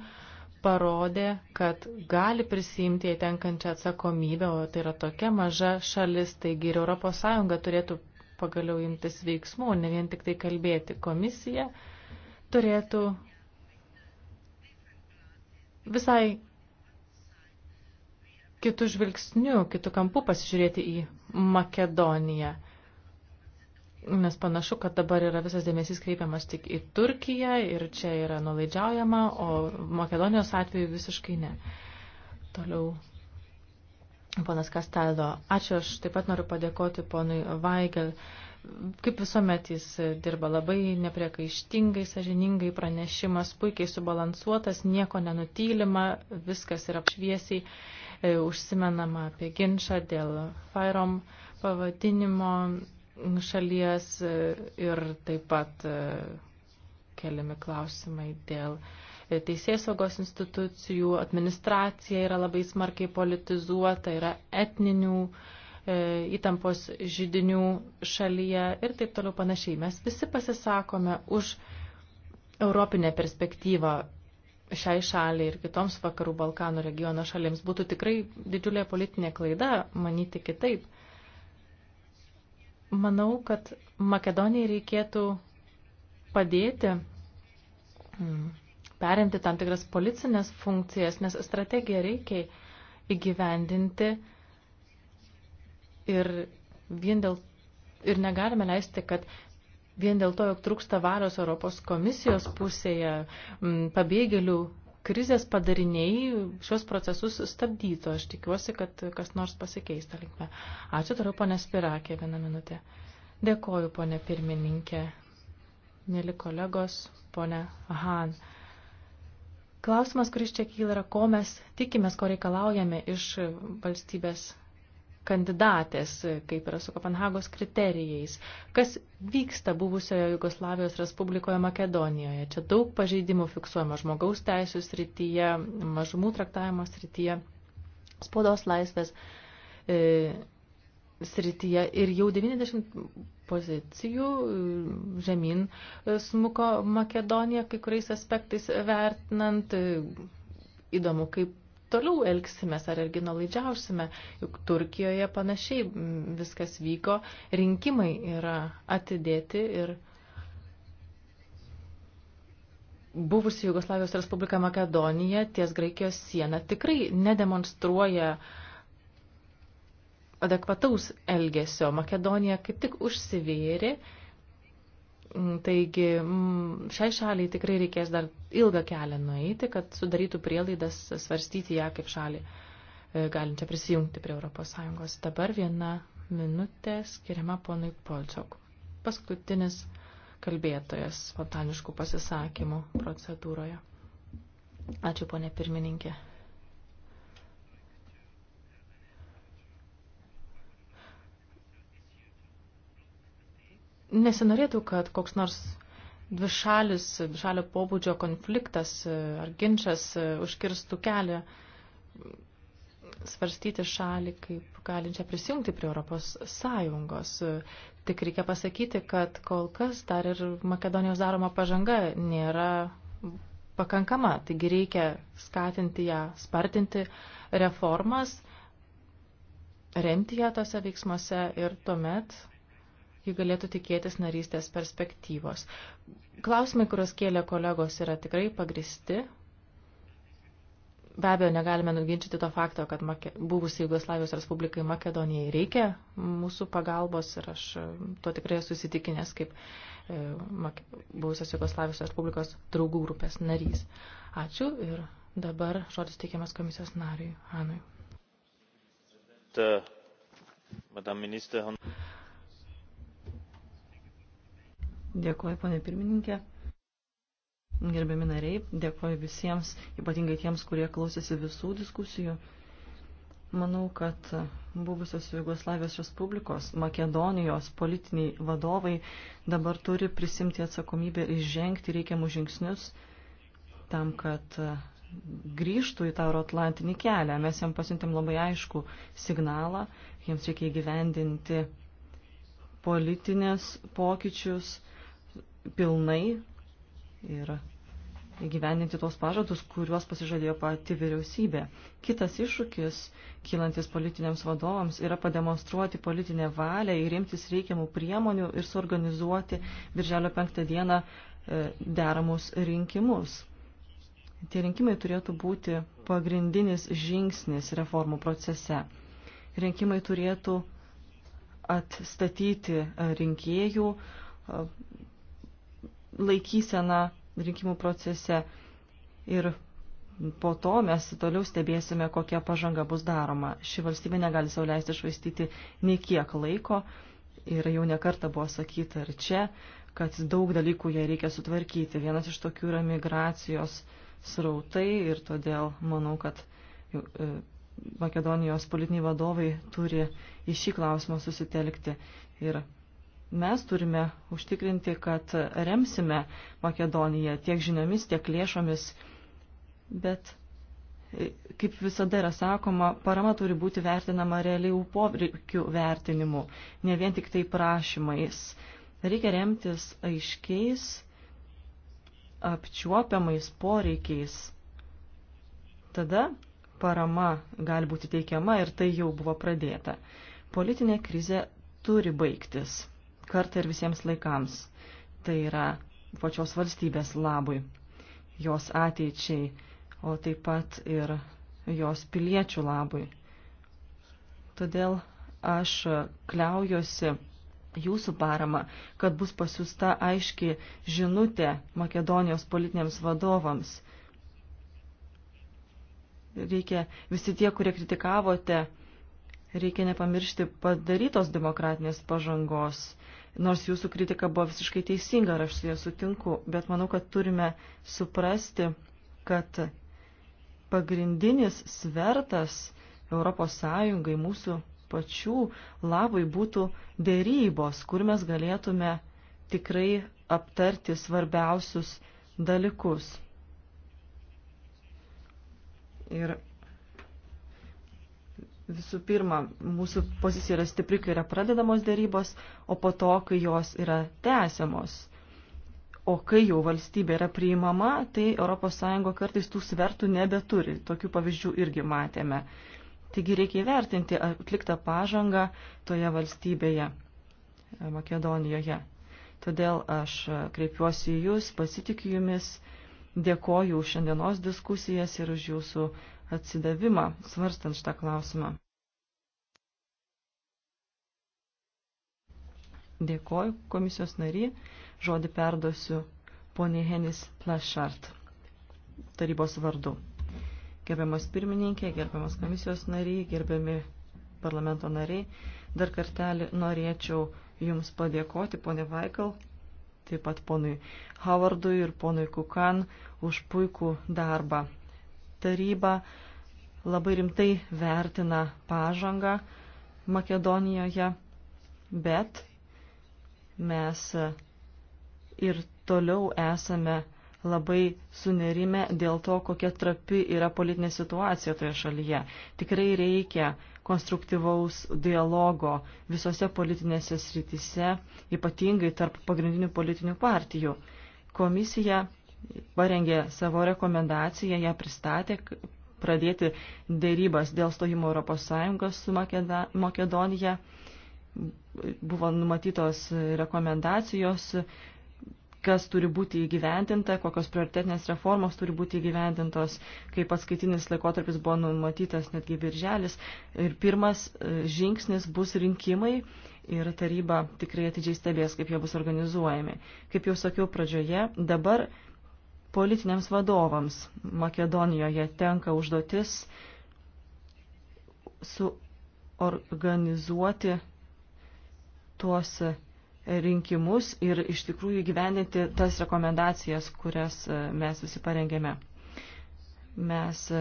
parodė, kad gali prisimti įtenkančią atsakomybę, o tai yra tokia maža šalis, taigi ir ES turėtų pagaliau imtis veiksmų, ne vien tik tai kalbėti. Komisija turėtų visai kitų žvilgsnių, kitų kampų pasižiūrėti į Makedoniją. Nes panašu, kad dabar yra visas dėmesys kreipiamas tik į Turkiją ir čia yra nulaidžiaujama, o Makedonijos atveju visiškai ne. Toliau. Ponas Kastaldo, ačiū, aš taip pat noriu padėkoti ponui Vaigel. Kaip visuomet jis dirba labai nepriekaištingai, sažiningai, pranešimas puikiai subalansuotas, nieko nenutylima, viskas yra apšviesiai, e, užsimenama apie ginčą dėl Fairom pavadinimo šalies e, ir taip pat e, keliami klausimai dėl teisėsaugos institucijų, administracija yra labai smarkiai politizuota, yra etninių e, įtampos žydinių šalyje ir taip toliau panašiai. Mes visi pasisakome už europinę perspektyvą šiai šaliai ir kitoms vakarų Balkanų regiono šalims. Būtų tikrai didžiulė politinė klaida manyti kitaip. Manau, kad Makedonijai reikėtų padėti mm, perimti tam tikras policinės funkcijas, nes strategiją reikia įgyvendinti ir, vien dėl, ir negalime leisti, kad vien dėl to, jog trūksta varos Europos komisijos pusėje, mm, pabėgėlių krizės padariniai šios procesus stabdytų. Aš tikiuosi, kad kas nors pasikeis tą linkmę. Ačiū toliau, ponė Spirakė, vieną minutę. Dėkoju, ponė pirmininkė, mėly kolegos, ponė Han. Klausimas, kuris čia kyla, yra, ko mes tikimės, ko reikalaujame iš valstybės kandidatės, kaip yra su Kopenhagos kriterijais. Kas vyksta buvusioje Jugoslavijos Respublikoje Makedonijoje? Čia daug pažeidimų fiksuojama žmogaus teisų srityje, mažumų traktavimo srityje, spaudos laisvės e, srityje ir jau 90 pozicijų e, žemyn e, smuko Makedonija kai kuriais aspektais vertinant. E, įdomu, kaip toliau elgsimės, ar irgi nolaidžiausime. Juk Turkijoje panašiai viskas vyko, rinkimai yra atidėti ir buvusi Jugoslavijos Respublika Makedonija ties Graikijos siena tikrai nedemonstruoja adekvataus elgesio. Makedonija kaip tik užsivėrė Mm, taigi mm, šiai šaliai tikrai reikės dar ilgą kelią nueiti, kad sudarytų prielaidas svarstyti ją kaip šalį e, galinčią prisijungti prie ES. Dabar viena minutė skiriama ponui Polčiok. Paskutinis kalbėtojas spontaniškų pasisakymų procedūroje. Ačiū, ponė pirmininkė. Nesinorėtų, kad koks nors dvišalis, dvišalio pobūdžio konfliktas e, ar ginčas e, užkirstų kelią svarstyti šalį kaip galinčią prisijungti prie Europos Sąjungos. E, Tik reikia pasakyti, kad kol kas dar ir Makedonijos daroma pažanga nėra pakankama, taigi reikia skatinti ją, spartinti reformas, remti ją tose veiksmuose ir tuomet ji galėtų tikėtis narystės perspektyvos. Klausimai, kuriuos kėlė kolegos, yra tikrai pagristi. Be abejo, negalime nuginčyti to fakto, kad Make... buvusiai Jugoslavijos Respublikai Makedonijai reikia mūsų pagalbos ir aš e, tuo tikrai susitikinęs kaip e, Make... buvusios Jugoslavijos Respublikos draugų grupės narys. Ačiū ir dabar žodis teikiamas komisijos nariui Hanui.
Ta,
Dėkuoju, ponė pirmininkė. Gerbiami nariai, dėkuoju visiems, ypatingai tiems, kurie klausėsi visų diskusijų. Manau, kad buvusios Jugoslavijos Respublikos, Makedonijos politiniai vadovai dabar turi prisimti atsakomybę ir žengti reikiamus žingsnius tam, kad grįžtų į tą euroatlantinį kelią. Mes jam pasiuntėm labai aišku signalą, jiems reikia įgyvendinti politinės pokyčius pilnai ir įgyvendinti tuos pažadus, kuriuos pasižadėjo pati vyriausybė. Kitas iššūkis, kylantis politiniams vadovams, yra pademonstruoti politinę valią ir imtis reikiamų priemonių ir suorganizuoti Birželio penktą dieną e, deramus rinkimus. Tie rinkimai turėtų būti pagrindinis žingsnis reformų procese. Rinkimai turėtų atstatyti rinkėjų e, laikysena rinkimų procese ir po to mes toliau stebėsime, kokia pažanga bus daroma. Ši valstybė negali sauliaisti švaistyti nei kiek laiko ir jau nekarta buvo sakyta ir čia, kad daug dalykų jai reikia sutvarkyti. Vienas iš tokių yra migracijos srautai ir todėl manau, kad e, Makedonijos politiniai vadovai turi į šį klausimą susitelkti ir Mes turime užtikrinti, kad remsime Makedoniją tiek žiniomis, tiek lėšomis, bet, e, kaip visada yra sakoma, parama turi būti vertinama realiai povreikių vertinimu, ne vien tik tai prašymais. Reikia remtis aiškiais, apčiuopiamais poreikiais. Tada parama gali būti teikiama ir tai jau buvo pradėta. Politinė krizė turi baigtis kartą ir visiems laikams. Tai yra pačios valstybės labui, jos ateičiai, o taip pat ir jos piliečių labui. Todėl aš kliaujuosi jūsų parama, kad bus pasiusta aiški žinutė Makedonijos politiniams vadovams. Reikia visi tie, kurie kritikavote, reikia nepamiršti padarytos demokratinės pažangos. Nors jūsų kritika buvo visiškai teisinga, ar aš su ja sutinku, bet manau, kad turime suprasti, kad pagrindinis svertas Europos Sąjungai mūsų pačių labui būtų dėrybos, kur mes galėtume tikrai aptarti svarbiausius dalykus. Ir Visų pirma, mūsų pozicija yra stipri, kai yra pradedamos dėrybos, o po to, kai jos yra tęsiamos. O kai jau valstybė yra priimama, tai ES kartais tų svertų nebeturi. Tokių pavyzdžių irgi matėme. Taigi reikia įvertinti atliktą pažangą toje valstybėje, Makedonijoje. Todėl aš kreipiuosi į Jūs, pasitikiu Jumis, dėkoju už šiandienos diskusijas ir už Jūsų atsidavimą svarstant šitą klausimą. Dėkoju komisijos nary. Žodį perduosiu poniai Henis Plašart tarybos vardu. Gerbiamas pirmininkė, gerbiamas komisijos nariai, gerbiami parlamento nariai, dar kartelį norėčiau Jums padėkoti, ponė Vaikal, taip pat ponui Howardui ir ponui Kukan už puikų darbą. Taryba labai rimtai vertina pažangą Makedonijoje, bet mes ir toliau esame labai sunerime dėl to, kokia trapi yra politinė situacija toje šalyje. Tikrai reikia konstruktyvaus dialogo visose politinėse srityse, ypatingai tarp pagrindinių politinių partijų. Komisija parengė savo rekomendaciją, ją pristatė pradėti dėrybas dėl stojimo Europos Sąjungos su Makedonija buvo numatytos rekomendacijos, kas turi būti įgyvendinta, kokios prioritetinės reformos turi būti įgyvendintos, kaip atskaitinis laikotarpis buvo numatytas netgi birželis. Ir pirmas e, žingsnis bus rinkimai ir taryba tikrai atidžiai stebės, kaip jie bus organizuojami. Kaip jau sakiau pradžioje, dabar politiniams vadovams Makedonijoje tenka užduotis suorganizuoti tuos rinkimus ir iš tikrųjų gyvendinti tas rekomendacijas, kurias e, mes visi parengėme. Mes e,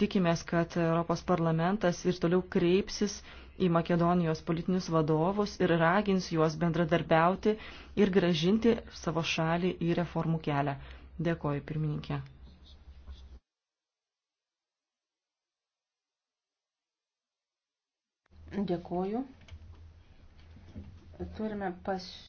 tikimės, kad Europos parlamentas ir toliau kreipsis į Makedonijos politinius vadovus ir ragins juos bendradarbiauti ir gražinti savo šalį į reformų kelią. Dėkoju, pirmininkė. Dėkoju turime pasiūlyti.